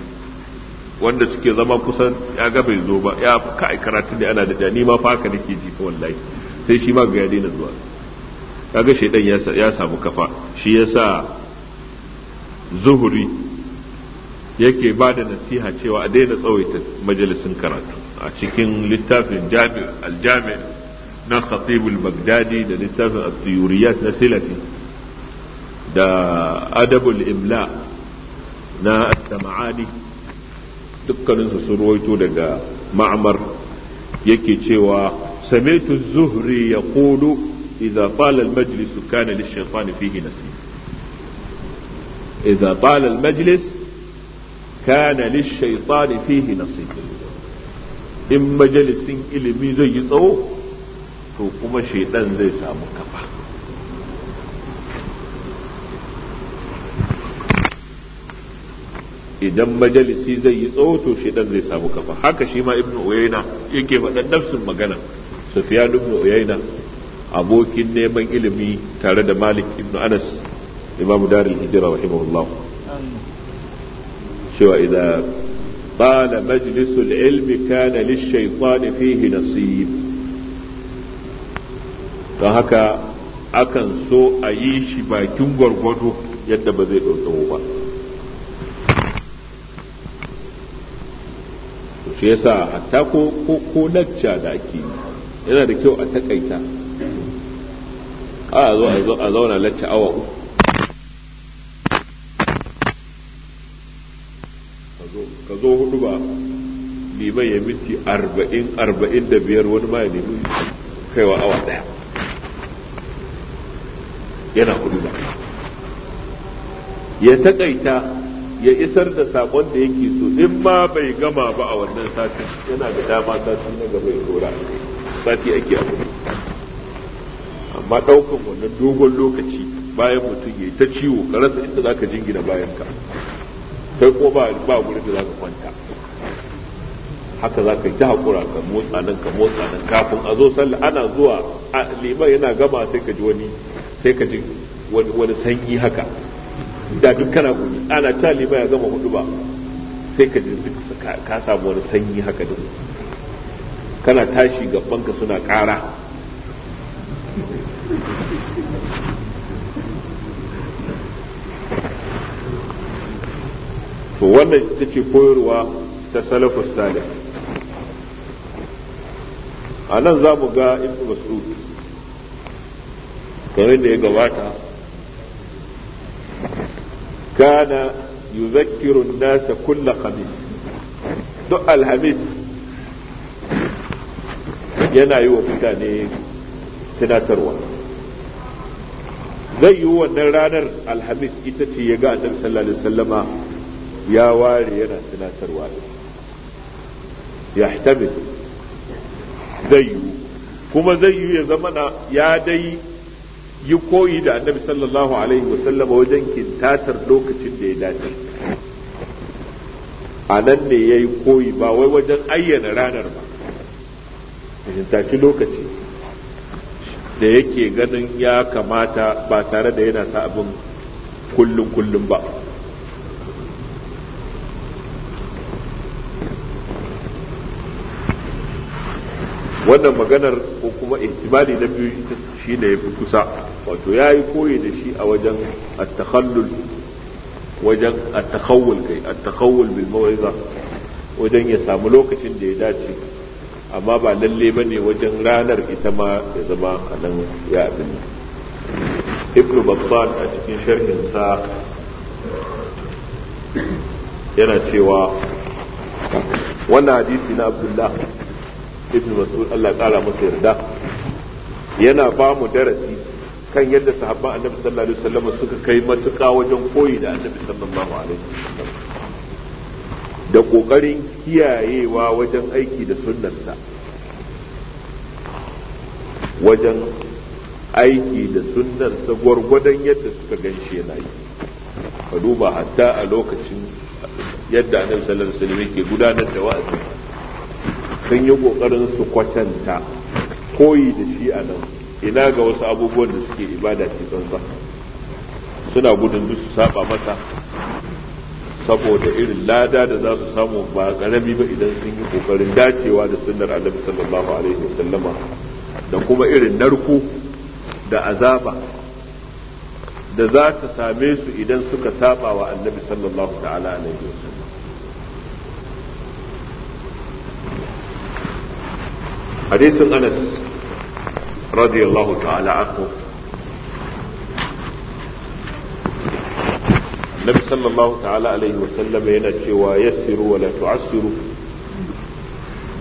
wanda suke zama kusan ya ga bai zo ba ya kai karatun da ana dadewa ni ma fa haka nake ji wallahi sai shi ma ga ya daina zuwa kaga shaidan ya samu kafa shi yasa zuhuri yake ba da nasiha cewa a daina tsawaita majalisin karatu a cikin littafin aljami na khatibul bagdadi da littafin asiyuriyat na silafi da adabul imla na sama'ani dukkaninsu sun ruwaito daga ma'amar yake cewa samitu zuhri ya kodo. idza qala majlis kana lish-shaytan fihi nasib idza qala al-majlis kana ilimi zai yi tsawo to kuma shaidan zai samu kafa idan majalisi zai yi tsawo to shaidan zai samu kafa haka shi ma ibnu uyayna yake faɗan nafsin magana sufyan ibnu uyayna abokin neman ilimi tare da malik ibn anas imam darul hijra rahimahullah cewa idza qala majlisul ilmi kana lish-shaytan fihi nasib don haka akan so a yi shi bakin gwargwado yadda ba zai dauko ba shi yasa hatta ko ko lacca da ake yana da kyau a takaita a zo a zauna lacci awa uku ka zo hudu ba liman ya minti arba'in arba'in da biyar wani ma ya nemi kaiwa awa daya yana hudu ba ya takaita ya isar da sakon da yake so in ma bai gama ba a wannan satin yana da dama sati na gaba ya dora sati ake abu amma ɗaukan wannan dogon lokaci bayan mutum ya ta ciwo ka rasa inda za ka jingina bayan ka kai ko ba ba wurin da za ka kwanta haka za ka yi ta haƙura ka motsa nan ka motsa nan kafin a zo sallah ana zuwa a liman yana gama sai ka ji wani sai ka ji wani sanyi haka da duk kana kuɗi ana ta liman ya gama hudu ba sai ka ji ka samu wani sanyi haka din kana tashi gaban ka suna ƙara to wannan ita ce koyarwa ta salafus salih a nan za mu ga ibn mas'ud kamar da ya gabata kana yuzakkiru nasa kulla khamis duk alhamis yana yi wa mutane tunatarwa zai yi wannan ranar alhamis ita ce ya ga annabi sallallahu alaihi sallama ya ware yana tunatarwa yahtamil zai yi kuma zai yi ya zama na ya dai yi koyi da annabi sallallahu alaihi wasallam wajen kintatar lokacin da ya dace a nan ne ya yi koyi ba wai wajen ayyana ranar ba kintaci lokaci da yake ganin ya kamata ba tare da yana sa abin kullum kullum ba wannan maganar ko kuma ihtimali na biyu ita shi ne ya fi kusa wato ya yi koyi da shi a wajen attakallul wajen attakawul kai attakawul bil mawa'iza wajen ya samu lokacin da ya dace amma ba lalle ba ne wajen ranar ita ma ya zama a nan ya abin ibnu babban a cikin sharhinsa yana cewa wannan hadisi na abdullah ibn mas'ud Allah kara masa yarda yana ba mu darasi kan yadda sahabban annabi sallallahu alaihi wasallam suka kai matuƙa wajen koyi da annabi sallallahu alaihi wasallam da ƙoƙarin kiyayewa wajen aiki da sunnarsa wajen aiki da sunnarsa gwargwadon yadda suka gan shi yana yi ka duba hatta a lokacin yadda annabi sallallahu alaihi wasallam yake gudanar da wa'azi sun yi ƙoƙarin su kwatanta koyi da shi a nan ina ga wasu abubuwan da suke ibada ke tsantsa suna gudun su saba masa saboda irin lada da za su samu ba karami ba idan sun yi kokarin dacewa da sunnar annabi sallallahu alaihi wasallama da kuma irin narko da azaba da za ta same su idan suka saba wa annabi sallallahu ta'ala alaihi wasallam hadisin Anas radiyallahu ta'ala anhu nabi sallallahu ta'ala alaihi wa sallam yana cewa yassiru wala tu'assiru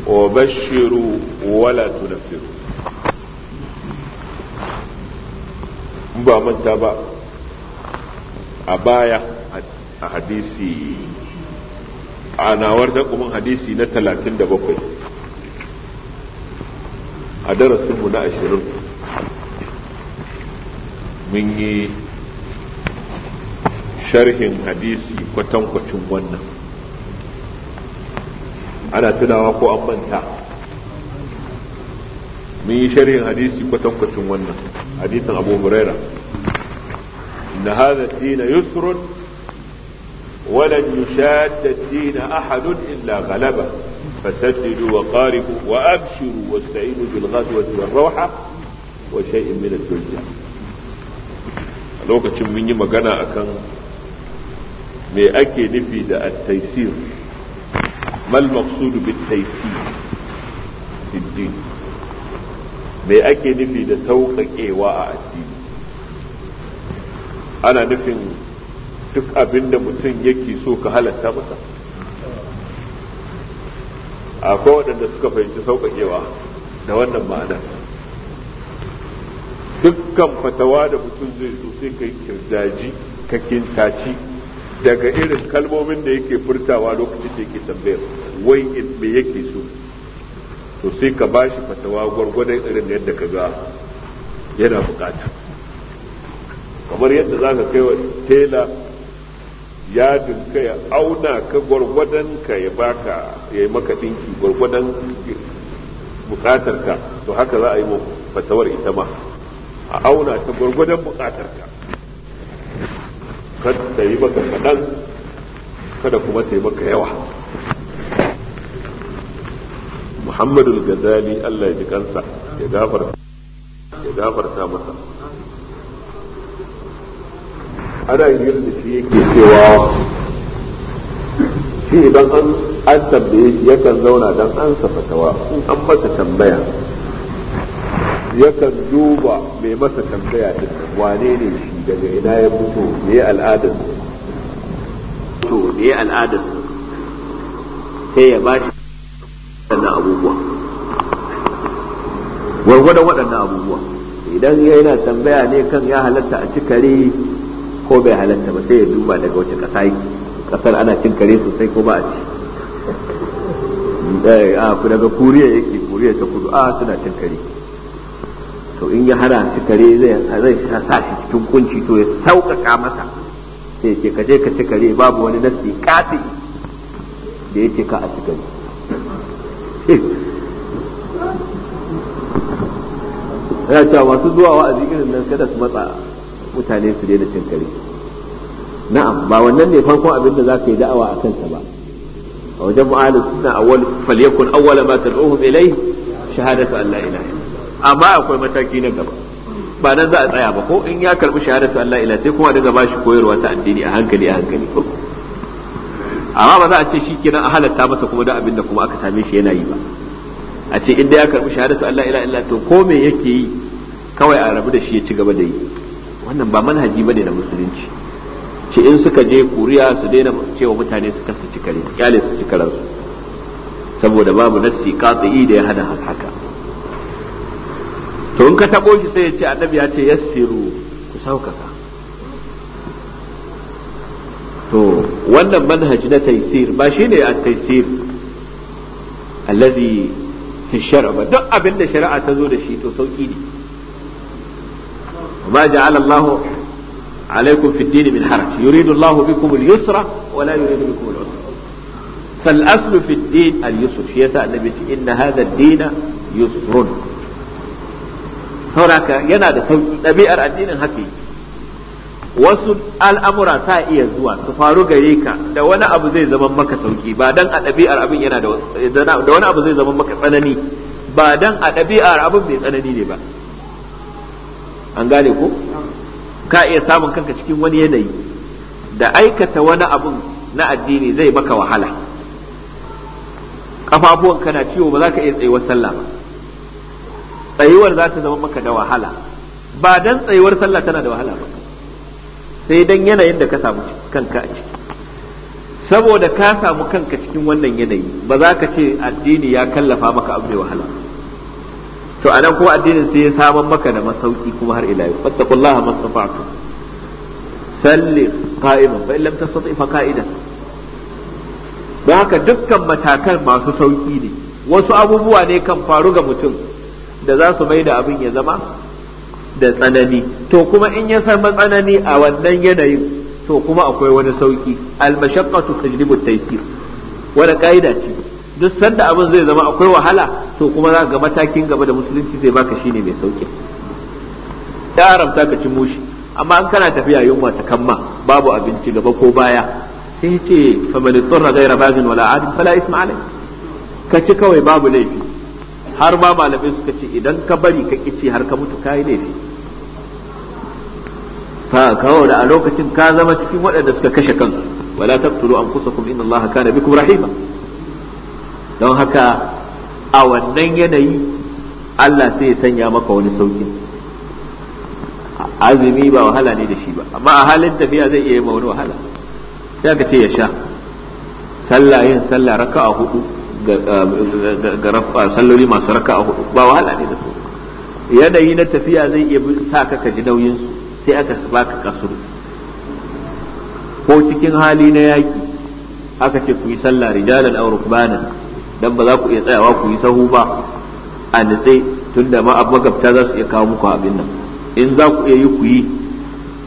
wa bashiru wala tunaffiru ba manta ba a baya a hadisi a nawar kuma hadisi na 37 a darasinmu na ashirin mun yi sharhin hadisi kwatankwacin wannan ana tunawa ko an manta mun yi sharhin hadisi kwatankwacin wannan hadisin abu huraira inna hadha dina yusrun ولن يشاد الدين أحد إلا غلبه فسددوا وقاربوا وأبشروا واستعينوا بالغدوة والروحة وشيء من الدنيا أكن me ake nufi da at-taysir mal maqsudu bit-taysir din me ake nufi da sauƙaƙewa a addini ana nufin duk abin da mutum yake so ka halatta masa akwai waɗanda suka fahimci sauƙaƙewa da wannan ma'anar dukkan fatawa da mutum zai so sai ka yi kirjaji ka kintaci daga irin kalmomin da yake furtawa lokacin da yake tambayar wai in me yake so to sai ka bashi fatawa gwargwadon irin yadda ka ga yana bukata kamar yadda za ka kai wa tela ya dinka ya auna ka gwargwadon ka ya baka ya yi maka dinki gwargwadon bukatarka to haka za a yi fatawar ita ma a auna ta gwargwadon bukatarka kada ta yi maka kaɗan kada kuma ta yi maka yawa muhammadu gazali allah ya ji kansa ya gafarta masa ana yin da shi yake cewa shi idan an an yakan zauna don an safa fatawa in an masa tambaya yakan duba mai masa tambaya din wane ne shi daga ina ya fito me al'adar to me al'adar sai ya bashi waɗannan abubuwa gwargwada waɗannan abubuwa idan yana tambaya ne kan ya halatta a cikari ko bai halatta ba sai ya duba daga wace ƙasa ƙasar ana cin kare sosai ko ba a ci eh, daga kuriya yake kuriya ta kudu a suna cin kare to in ya hada shi kare zai zai sa shi cikin kunci to ya sauƙaƙa masa sai ce ka je ka ci kare babu wani nasi kafi da ya ce ka a cikin *laughs* ya cewa masu zuwa wa'azi irin nan kada su matsa mutane su daina cin kare na'am ba wannan ne farkon abin da za ka yi da'awa a kansa ba a wajen mu'alin suna awwal falyakun awwala ma tad'uhum ilai shahadatu an la ilaha amma akwai mataki na gaba ba nan za a tsaya ba ko in ya karbi shahadatu Allah ila sai kuma daga bashi koyarwa ta addini a hankali a hankali amma ba za a ce shi kenan a halatta masa kuma da abin da kuma aka same shi yana yi ba a ce inda ya karbi shahadatu Allah ila illa to ko me yake yi kawai a rabu da shi ya ci gaba da yi wannan ba manhaji bane na musulunci ce in suka je kuriya su daina cewa mutane su kasa cikare kyale su cikaransu saboda babu nassi tsayi da ya hada haka to in ka tabo shi sai ya ce annabi ya ce yassiru ku saukaka to wannan manhaji na taisir ba shine a taisir allazi fi shar'a ba duk abin da shari'a ta zo da shi to sauki ne ma ja'ala Allahu alaikum fi ad min haraj yuridu Allahu bikum al-yusra wa la yuridu bikum al-usra فالأصل في الدين اليسر شيء النبي إن هذا الدين يسر sauraka yana da sauki ɗabi'ar addinin haka wasu al'amura ta iya zuwa su faru gare ka da wani abu zai zama maka sauki ba dan a ɗabi'ar abin yana eh, da wani abu zai zama maka tsanani ba dan a ɗabi'ar abin mai tsanani ne ba an gane ko ka iya samun kanka cikin wani yanayi da aikata wani abun na addini zai maka wahala kafafuwan kana ciwo ba za ka iya tsayuwar sallah ba tsayuwar za ta zama maka da wahala ba dan tsayuwar sallah tana da wahala ba sai dan yanayin da ka samu kanka a ciki saboda ka samu kanka cikin wannan yanayi ba za ka ce addini ya kallafa maka abu mai wahala to a nan ko addinin sai ya saman maka da masauki kuma har ila yau fattakullaha mastata'tu salli qa'iman fa illam tastati fa qa'idan don haka dukkan matakan masu sauki ne wasu abubuwa ne kan faru ga mutum da za su mai da abin ya zama da tsanani to kuma in ya san matsanani a wannan yanayin to kuma akwai wani sauki almashaqqatu tajlibu taysir wani kaida ce duk sanda abin zai zama akwai wahala to kuma za ga matakin gaba da musulunci zai baka shine mai sauki ya haramta ka ci mushi amma an kana tafiya yunwa ta kamma babu abinci gaba ko baya sai ce fa man ghayra bagin wala adin fala isma alai ka ci kawai babu laifi har ma malamai suka ce idan ka bari ka kici har ka mutu kai ne fa kawo da a lokacin ka zama cikin waɗanda suka kashe kansu wala taqtulu anfusakum inna allaha kana bikum rahima don haka a wannan yanayi Allah sai ya sanya maka wani sauki azumi ba wahala ne da shi ba amma a halin tafiya zai iya yi ma wani wahala sai ka ce ya sha sallah yin sallah raka'a hudu ga salloli masu raka a hudu ba wahala ne da su yanayi na tafiya zai iya sa ka kaji ji nauyin su sai aka baka kasuru ko cikin hali na yaki aka ce ku yi sallah rijalan aw rukbanan dan ba za ku iya tsayawa ku yi sahu ba a nitse tunda ma magabta za su iya kawo muku abin nan in za ku iya yi ku yi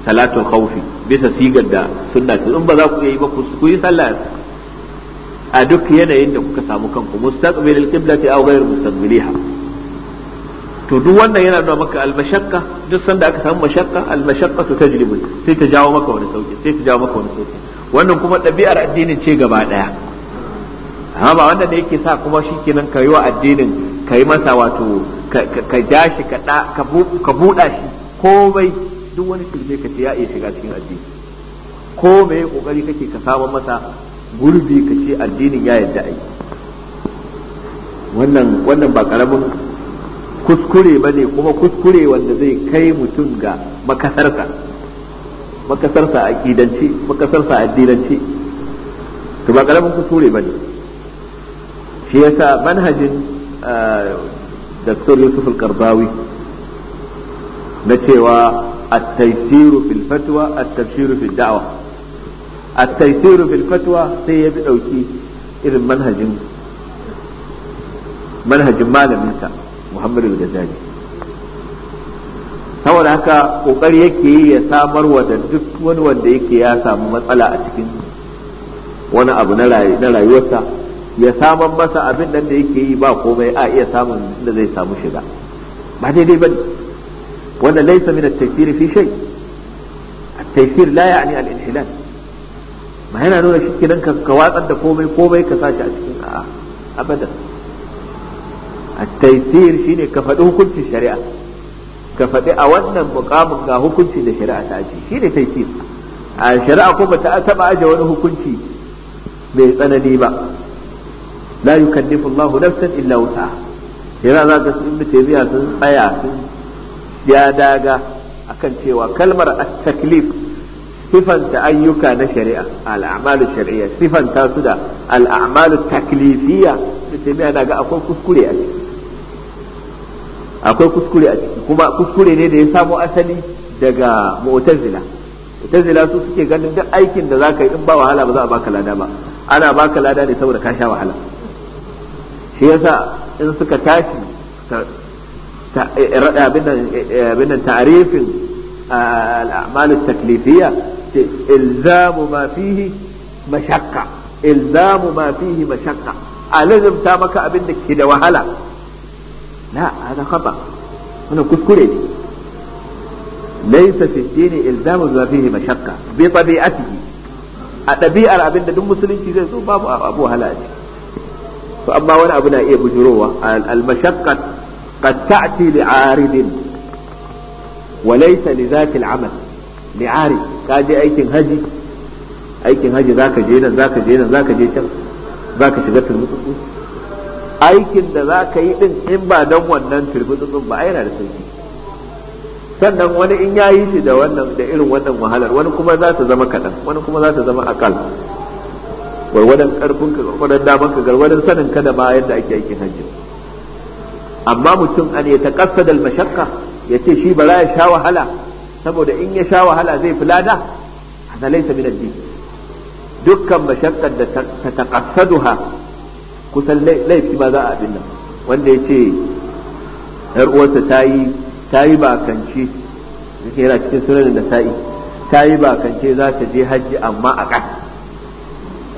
salatul khawfi bisa sigar da sunna in ba za ku iya yi ba ku yi sallah a duk yanayin da kuka samu kanku mustaqbilil qiblati aw ghayr mustaqbiliha to duk wannan yana nuna maka almashakka duk sanda aka samu mashakka almashakka to tajlibu sai ta jawo maka wani sauki sai ta jawo maka wani sauki wannan kuma ɗabi'ar addinin ce gaba daya amma ba wanda da yake sa kuma shikenan ka yi wa addinin ka yi masa wato ka ja shi ka ka buda shi komai duk wani shirme ka ce ya iya shiga cikin addini komai kokari kake ka samu masa gurbi ka ce addinin ya yadda ai wannan wannan ba karamin kuskure ba ne kuma kuskure wanda zai kai mutum ga makasarsa makasarsa a kidance makasarsa a addinance to ba karamin kuskure ba ne shi yasa manhajin eh, daktar yusuf al-karbawi na cewa at-taysiru fil fatwa at-tafsiru fil da'wa A taysiru bil sai ya bi ɗauki irin manhajin manhajin malamin sa Muhammad al-Ghazali saboda haka kokari yake yi ya samar wa da duk wani wanda samu matsala a cikin wani abu na rayuwarsa ya saman masa abin nan da yake yi ba komai a iya samun da zai samu shiga ba daidai bane wannan laysa min at-taysir fi shay at-taysir la ya'ni al-inhilal ba yana nuna shi kenan ka ka watsar da komai komai ka sashi a cikin abada. A at shi ne ka faɗi hukuncin shari'a ka faɗi a wannan muƙamin ga hukuncin da shari'a ta shi ne taysir a shari'a ko ta taɓa aje wani hukunci bai tsanani ba la yukallifu Allah nafsan illa wus'aha yana za ka sun taimiya sun tsaya sun ya daga akan cewa kalmar at-taklif sifanta ayyuka na shari'a al'amalu shari'a sifanta su da al'amalu taklifiyya da mai na ga akwai kuskure a ciki akwai kuskure a ciki kuma kuskure ne da ya samo asali daga mu'tazila mu'tazila su suke ganin duk aikin da zaka yi in ba wahala ba za a baka lada ba ana baka lada ne saboda ka sha wahala shi yasa in suka tashi eh, eh, abin nan eh, tarifin ah, al'amalu taklifiyya الزام ما فيه مشقة الزام ما فيه مشقة ألزم تامك أبنك كده وهلا لا هذا خطأ أنا كسكري ليس في الدين الزام ما فيه مشقة بطبيعته أتبيع الأبن دون مسلم كده ثم أبو هلا فأما وانا أبنا إيه بجروة المشقة قد تأتي لعارض وليس لذات العمل لعارض ka je aikin haji aikin haji za ka je nan za ka je nan za ka je can za ka shiga turmutsutsu aikin da za ka yi din in ba dan wannan turmutsutsun ba ai yana da sauki sannan wani in ya yi shi da wannan da irin wannan wahalar wani kuma za ta zama kaɗan wani kuma za ta zama akal gwargwadon karfin ka gwargwadon daman ka gwargwadon sanin ka da ma yadda ake aikin hajji amma mutum an ya ta al mashaqqa yace shi bara ya sha wahala saboda in ya sha wahala zai fi lada hada laysa min ad-din dukkan mashakkar da ta taqassaduha kusan laifi ba za a abin nan wanda yace yar uwarsa tayi tayi bakanci yake yana cikin sunan nasa'i tayi bakance za ta je haji amma a ƙasa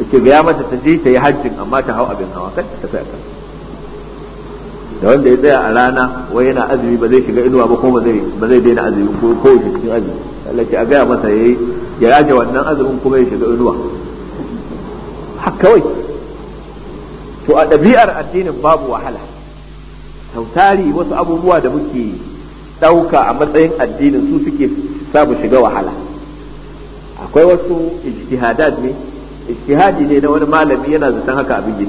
yace ga ya mata ta je ta yi hajjin amma ta hau abin hawa kan ta tafi a da wanda ya tsaya a rana wai yana azumi ba zai shiga inuwa ba ko ba zai daina azumi ko ko shi cikin azumi Allah ke a gaya masa yayi ya rage wannan azumin kuma ya shiga inuwa haka kawai to a ɗabi'ar addinin babu wahala tautari wasu abubuwa da muke ɗauka a matsayin addinin su suke samu shiga wahala akwai wasu ijtihadat ne ijtihadi ne na wani malami yana zaton haka abin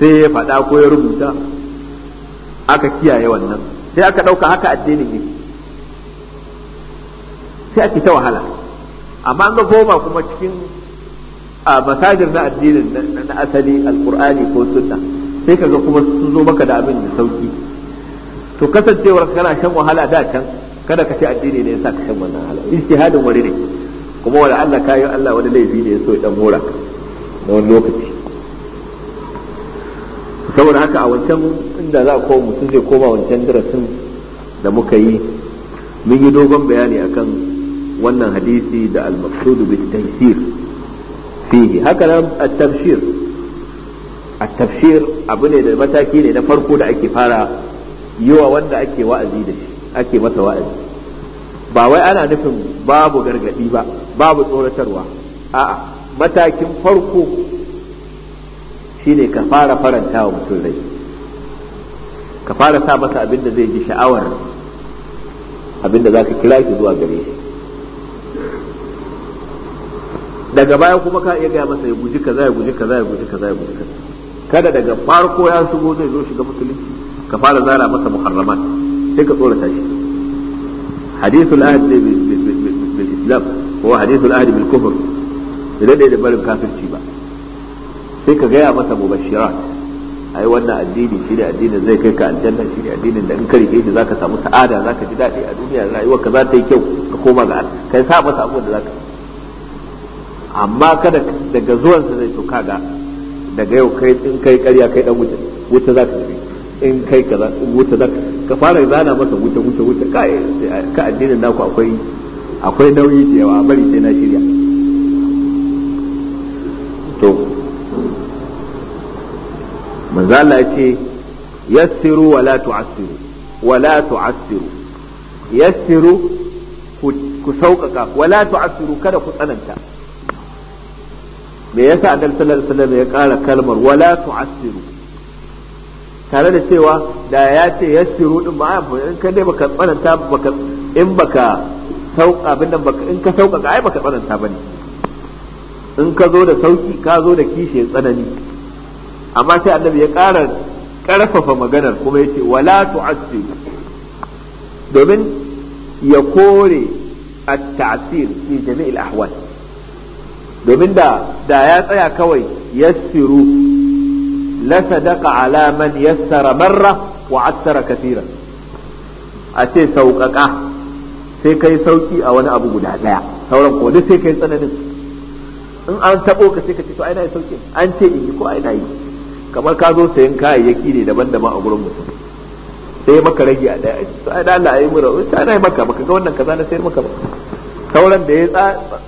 sai ya faɗa ko ya rubuta aka kiyaye wannan sai aka ɗauka haka addinin yake sai ake ta wahala amma an ga goma kuma cikin a masajir na addinin na asali alkur'ani ko sunna sai kaga kuma sun zo maka da abin da sauki to kasancewar kana shan wahala da can kada ka ce addini ne yasa ka shan wannan wahala ijtihadin wani ne kuma wala Allah kayo Allah wani laifi ne yaso ya dan mora na wani lokaci saboda haka a wancan inda za ko mutum zai koma wancan darasin da muka yi mun yi dogon bayani akan wannan hadisi da al-maqsudu bit taysir fihi haka nan at-tafsir at-tafsir abu ne da mataki ne na farko da ake fara yiwa wanda ake wa'azi da shi ake masa wa'azi ba wai ana nufin babu gargadi ba babu tsoratarwa a'a matakin farko shine ka fara faranta wa mutum rai ka fara sa masa abin da zai ji sha'awar abin da za ka kira shi zuwa gare shi daga baya kuma ka iya gaya masa ya guji kaza ya guji kaza ya guji kaza ya guji kaza kada daga farko ya shigo zai zo shiga musulunci ka fara zara masa muharraman sai ka tsorata shi hadithul ahd bil islam ko hadithul ahd bil kufr da dai da barin kafirci ba sai ka gaya masa mubashirat ai wannan addini shi ne addinin zai kai ka aljanna shi ne addinin da in ka rike shi zaka samu sa'ada zaka ji daɗi a duniya rayuwar ka za ta yi kyau ka koma ga Allah kai sa masa abubuwan da zaka amma kada daga zuwansa zai to kaga daga yau kai in kai ƙarya kai dan wuta wuta zaka yi in kai kaza wuta zaka ka fara zana masa wuta wuta wuta kai ka addinin naku akwai akwai nauyi da yawa bari sai na shirya to manzo Allah ya ce yassiru la tu'assiru la tu'assiru yassiru ku sauƙaƙa la tu'assiru kada ku tsananta me yasa annabi sallallahu alaihi wasallam ya ƙara kalmar la tu'assiru tare da cewa da ya ce yassiru din ba in ka dai baka tsananta baka in baka sauƙa abin nan baka in ka sauƙaƙa ai baka tsananta bane in ka zo da sauki ka zo da kishi tsanani amma sai annabi ya ƙara ƙarfafa maganar kuma ya ce wala tu'assir domin ya kore a tasir fi jami'il ahwal domin da da ya tsaya kawai yassiru la sadaqa ala man yassara marra wa attara kathira a ce sauƙaƙa sai kai sauki a wani abu guda daya sauran ko duk sai kai tsananin in an taɓo ka sai ka ce to ai na yi sauki an ce in yi ko ai na yi kamar ka zo sayan kayayyaki ne daban-daban a gurin mutum sai maka rage a daya to sai da Allah ayi mura sai yi maka baka ga wannan kaza na sayar maka ba sauran da ya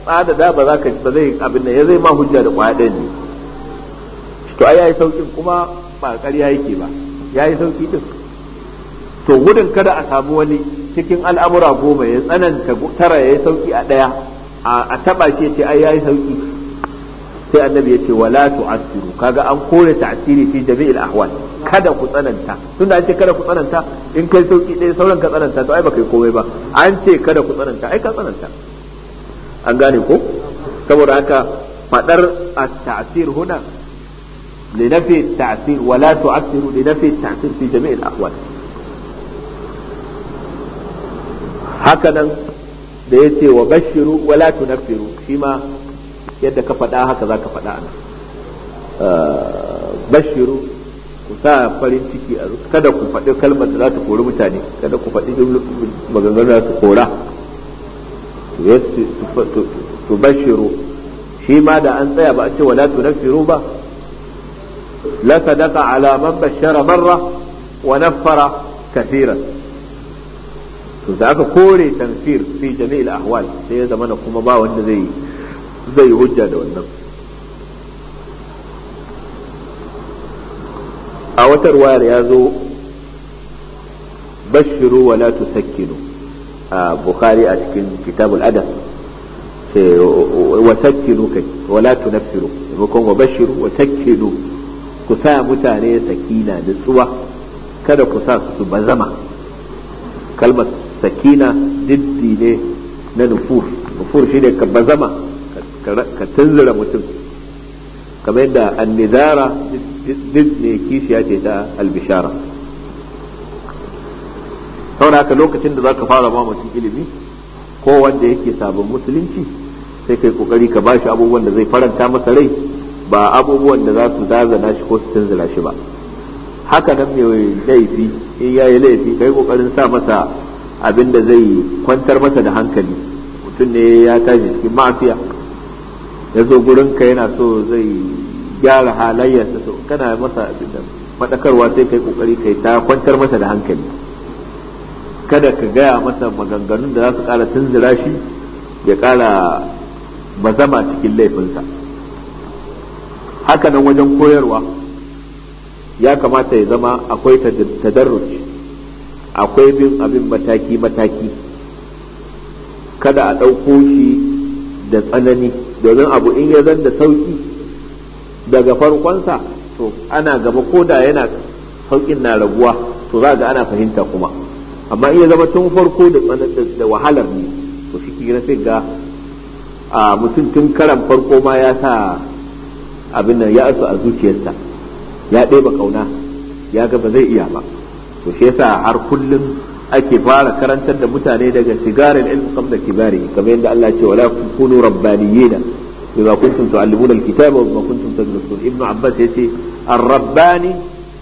tsada da ba za ka ba zai abin da ya zai ma hujja da kwaya ɗaya ne to ai yayi saukin kuma ba ƙarya yake ba yayi sauki din to gudun kada a samu wani cikin al'amura goma ya tsananta tara yayi sauki a daya a taba ce ce ai yayi sauki sai annabi ya ce wala tu'assiru kaga an kore ta'siri fi jami'il ahwal kada ku tsananta tunda an ce kada ku tsananta in kai sauki ɗaya sauran ka tsananta to ai baka yi komai ba an ce kada ku tsananta ai ka tsananta an gane ko saboda haka fadar at-ta'sir huna لنفي التعسير ولا تعسر لنفي التعسير في ahwal haka nan da yace wa bashiru wala tunaffiru shi ma yadda ka faɗa haka za ka faɗa ana eh, bashiru ku sa farin ciki a kada ku faɗi kalmar da za ta kori mutane kada ku faɗi maganganu da su kora to bashiru shi ma da an tsaya ba a ce wala tunaffiru ba la sadaqa ala man bashara marra wa naffara kathiran to da aka kore tanfir fi jami'il ahwal sai ya zama kuma ba wanda zai yi zai yi hujja da wannan a watar wayar ya zo bashiru wa la tusakkinu a bukhari a cikin kitabul adab ce wa sakkinu kai wa la tunaffiru maimakon wa bashiru wa sakkinu ku sa mutane sakina nutsuwa kada ku sa su bazama kalmar sakina diddi ne na nufur nufur shi ne ka bazama ka tunzura mutum kamar yadda annizara duk ne kishiya ce ta albishara saboda haka lokacin da za ka fara ma mutum ilimi ko wanda yake sabon musulunci sai kai kokari ka bashi abubuwan da zai faranta masa rai ba abubuwan da za su zazana shi ko su tunzura shi ba haka nan mai laifi in ya yi laifi kai kokarin sa masa abin da zai kwantar masa da hankali mutum ne ya tashi cikin mafiya ya zo ka yana so zai gyara halayyarsa to kana masa abin sai kai kokari kai ta kwantar masa da hankali kada ka gaya masa maganganun da za su ƙara tunzura shi ya ƙara bazama cikin laifinsa haka nan wajen koyarwa ya kamata ya zama akwai tadarruj akwai bin abin mataki-mataki kada a ɗauko shi da tsanani domin abu in ya zan da sauki daga farkonsa to ana gaba ko da yana saukin na raguwa to za ga ana fahimta kuma amma in zama tun farko da wahalar ne to shi kira sai ga a mutum tun karan farko ma ya sa abin nan ya asu a zuciyarsa ya ɗeba kauna ya ga zai iya ba to shi yasa har kullum ake fara karantar da mutane daga sigarin ilmi kam da kibari kamar yadda Allah ya ce wala kunu rabbaniyina bima kuntum tu'allimuna alkitaba wa bima kuntum tadrusun ibnu abbas yace ar-rabbani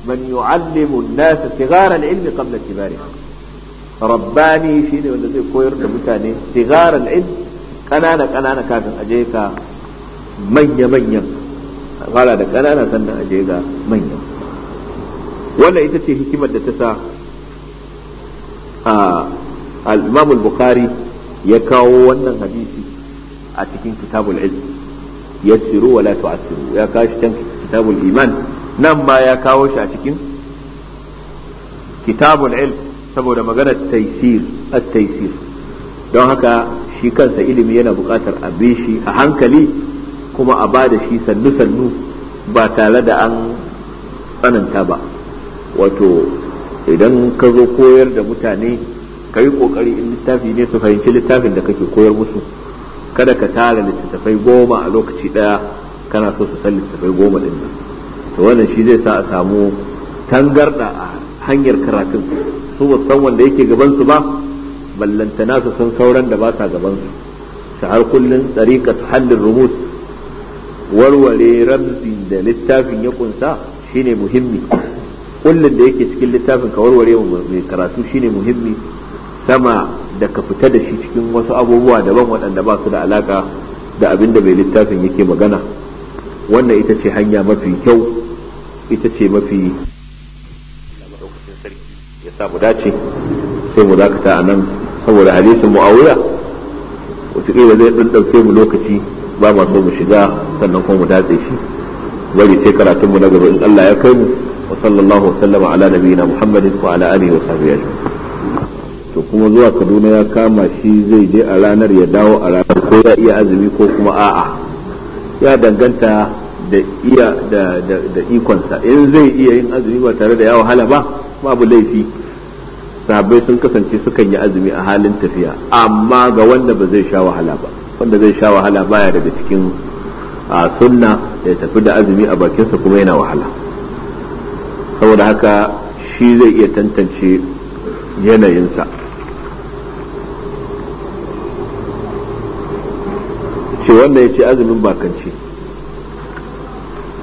man yu'allimu an-nas sigaran ilmi qabla kibari rabbani shine wanda zai koyar da mutane sigaran ilmi kanana kanana kafin aje ka manya manya fara da kanana sannan aje ga manya wannan ita ce hikimar da ta sa al-Imam bukhari ya kawo wannan hadisi a cikin kitabul ilm yassiru wala tu'assiru ya kawo shi can kitabul iman nan ma ya kawo shi a cikin kitabul ilm saboda maganar taysir don haka shi kansa ilimi yana bukatar a bi shi a hankali kuma a ba da shi sannu sannu ba tare da an tsananta ba wato idan ka zo koyar da mutane ka yi kokari in littafi ne su fahimci littafin da kake koyar musu kada ka tara littattafai goma a lokaci daya kana so su san littattafai goma din nan to wannan shi zai sa a samu tangarda a hanyar karatun su ba san wanda yake gaban su ba ballantana su san sauran da ba sa gaban su su har kullun tsarika hallin rumus warware ramzi da littafin ya kunsa shine muhimmi kullun da yake cikin littafin ka warware mai karatu shine muhimmi sama da ka fita da shi cikin wasu abubuwa daban waɗanda ba su da alaka da abin da mai littafin yake magana wannan ita ce hanya mafi kyau ita ce mafi ya sa mu dace sai mu dakata a nan saboda hadisin mu'awiya wataƙila zai ɗan ɗauke mu lokaci ba ma so mu shiga sannan kuma mu datse shi bari sai karatunmu na gaba in Allah ya kai mu وصلى الله وسلم على نبينا محمد وعلى اله وصحبه اجمعين to kuma zuwa kaduna ya kama shi zai je a ranar ya dawo a ranar ko ya iya azumi ko kuma a'a ya danganta da iya da, da, da ikonsa in zai iya yin azumi ba tare da ya wahala ba babu laifi sahabbai sun kasance sukan yi azumi a halin tafiya amma ga wanda ba zai sha wahala ba wanda zai sha wahala baya daga cikin a sunna ya tafi da azumi a bakinsa kuma yana wahala saboda haka shi zai iya tantance yanayinsa ce wanda ya ce azumin bakanci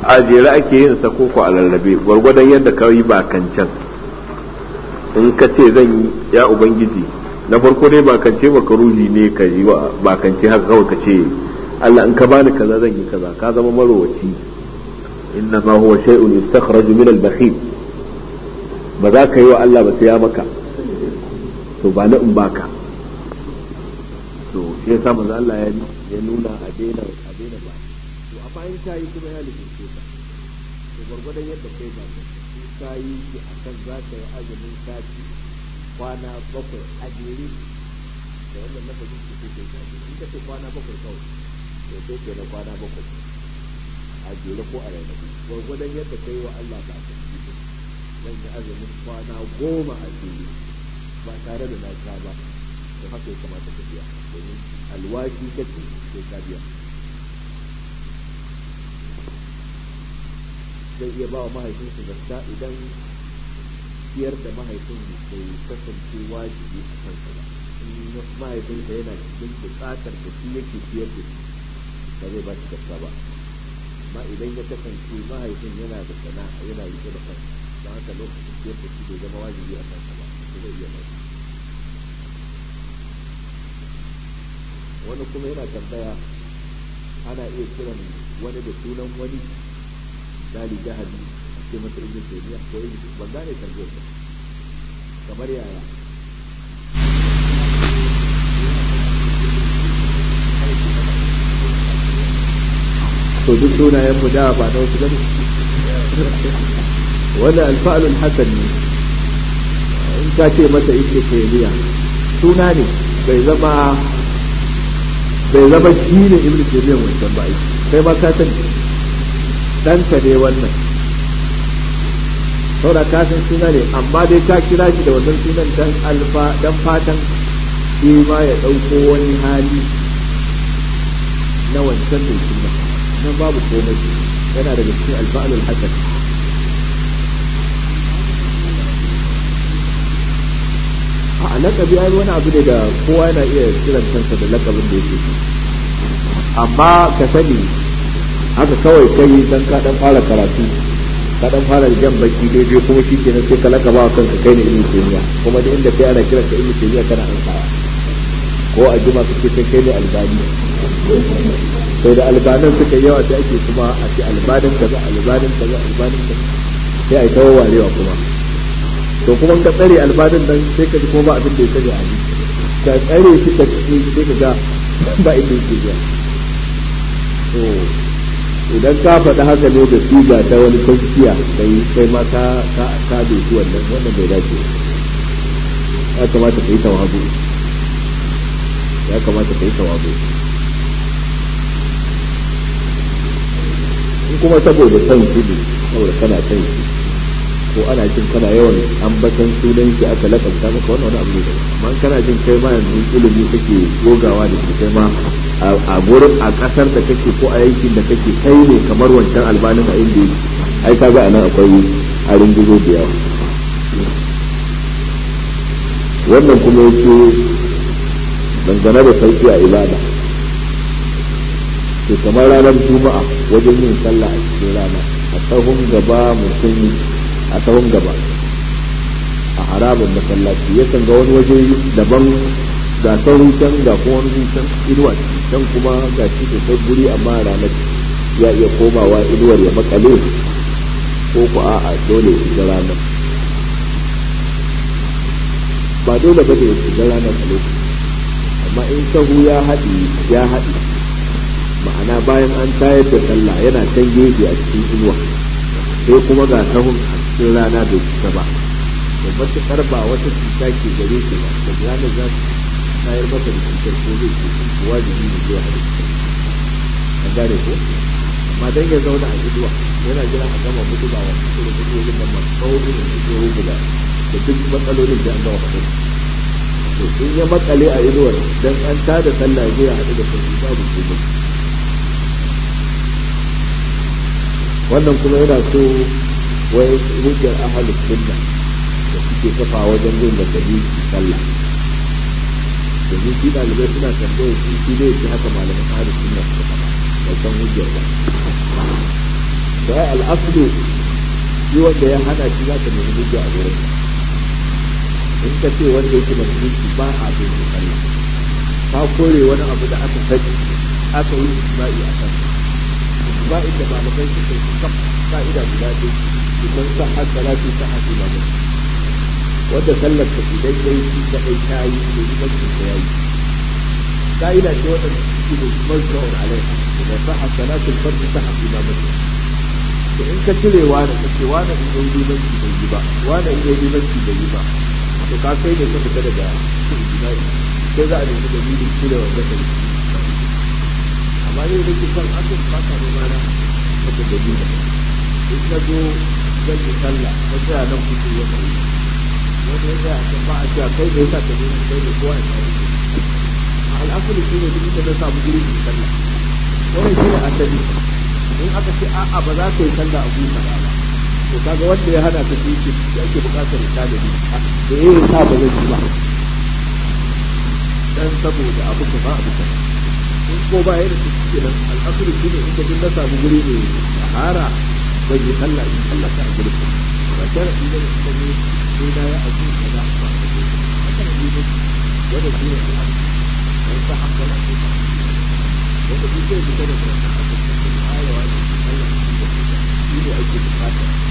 a jere ake yin sa koko a lallabe gwargwadon yadda ka yi bakancan in ka ce zan yi ya ubangiji na farko dai bakance makaruhi ne ka yi wa bakance haka kawai ka ce Allah in ka bani kaza zan yi kaza ka zama marowaci innama huwa shay'un yustakhraju min al-bakhil ba za ka yi wa Allah ba saya maka to ba na to shi yasa manzo Allah ya ya nuna a daina a daina ba to a bayan kuma ya lihince to yadda kai ba ka yi shi akan za yi azumin sati kwana bakwai a jere da wannan ke ke ce kwana bakwai kawai to sai ke na kwana bakwai a jere ko a rarrabe gwargwadon yadda kai wa Allah ba ta ci zan yi azumin kwana goma a jere ba tare da na ba da haka ya kamata ka biya domin alwashi kake sai zai iya ba wa mahaifinsa zakka idan ciyar da mahaifin bai kasance wajibi a kansa ba mahaifinsa yana cikin bukatar da shi yake ciyar da shi ba zai ba shi ba amma idan ya kasance mahaifin yana da sana'a yana yi da kansa ba haka lokacin ciyar da shi da zama wajibi a kansa ba ko zai iya mai wani kuma yana tambaya ana iya kiran wani da sunan wani dali jahali a ce masa ibn taymiya ko ibn ban gane tambayar kamar yaya to duk sunayen mu da ba dauki bane wannan alfa'alul hasan ne in ka ce masa liya suna ne bai zama bai zama shi ne ibnu taymiyyah wancan ba sai ma ka sani ta ne wannan saboda ka san suna ne amma dai ka kira shi da wannan sunan dan alfa dan fatan shi ma ya dauko wani hali na wancan da suna nan babu komai yana daga cikin alba'alul hasan a lakabi ai wani abu ne da kowa yana iya kiran kansa da lakabin da yake amma ka sani haka kawai kai dan ka dan fara karatu ka dan fara jan baki daidai kuma shi kenan sai ka lakaba kanka kai ne ilmi kuma da inda kai ana kiran ka ilmi kimiyya kana an ko a jima suke kai kai ne albani sai da albanan suka yawa sai ake kuma a ce albanin kaza albanin kaza albanin kaza sai a yi ta warewa kuma to kuma ka tsare albanin nan sai ka ji ko ba abin da ya sani a ji ka tsare shi ka ci sai ka ga *laughs* ba inda yake zuwa to idan ka faɗi haka ne da siga ta wani kwanciya sai sai ma ka ka ka wannan wannan bai dace ya kamata ka yi tawazu ya kamata ka yi tawazu in kuma saboda san shi saboda kana san ko ana jin kana yawan ambatan sunan shi aka lakanta maka wannan wani abu ne amma kana jin kai ma yanzu ilimi kake gogawa da shi kai ma a gurin a kasar da kake ko a yankin da kake kai ne kamar wancan albanin a inda ai ka ga anan akwai arin ringizo da yawa wannan kuma yake dangane da sauki a ibada to kamar ranar juma'a wajen yin sallah a cikin rana a tsawon gaba mutum a tsawon gaba a harabin masallaci yakan ga wani waje daban ga sauri can ga kuma wani can inuwa can kuma ga shi da sai guri amma ranar ya iya komawa inuwar ya makale ko ku a dole ya ranar ba dole ba da ya ranar a lokacin amma in sahu ya haɗi ya haɗi ma'ana bayan an tayar da sallah yana can gefe a cikin inuwa sai kuma ga sahun a cikin rana bai cika ba da matuƙar ba wata cuta ke gare shi ba da rana za su tayar masa da cutar ko zai ce wajibi ne zai haɗu an gane ko amma dan ya zauna a inuwa yana jira a gama mutu ba wasu irin mutu da masu tsawon da da duk matsalolin da an gama faɗin to in ya makale a inuwar dan an tada sallah ya haɗu da ba babu kuma wannan kuma yana so wai hujjar ahalus sunna da suke kafa wajen yin da makali sallah domin shi ɗalibai suna tambayar shi shi ne yake haka malamin ahalus sunna suka faɗa da san hujjar ba da al'aslu shi wanda ya hana shi za ta nemi hujja a gurin in ka ce wanda yake da mutunci ba a so shi sallah ka kore wani abu da aka sani aka yi ijma'i a kan ijma'i da malamai suka yi kan ka'ida guda ɗaya idan sa har salatu sa har ibada wanda sallar ka idan yayi shi kadai ta yi to idan ka yayi ka'ida ce wanda suke da marja'un alaiha idan sa har salatu fardu sa har ibada to in ka cire wani ka ce wani in yau limanci bai yi ba wani in yau limanci bai yi ba to ka sai da ka fita daga ko za a nemi dalilin da wanda ka amma ne da ke son asin ba ka nema na wata dalilin in na zo zan yi talla. na tsaya nan kusa ya kai wanda ya tsaya kan ba a cewa kai da ya sa ka nema kai da kowa ya kawo a al'asali shi ne duk da na samu gurin kalla sallah wannan shi ne asali in aka ce a'a ba za ka yi kalla a buɗe. ba to kaga wanda ya hana ka shi ki ake bukatar ta da da ya yi sa ba zai ji ba dan saboda abu ka ba abu ka in ko ba yadda da suke nan al'asuru shi ne in ka na samu guri ne hara. ban yi sallah in sallah ta a gurin ba sharaɗi ne da suka ne sai na ya aji ka za a ba a gurin haka ne ne wanda shi ne al'adu dan sa haka na ko wanda shi zai fita da kuma ta haka ta da ayawa ne Allah shi ne ake bukata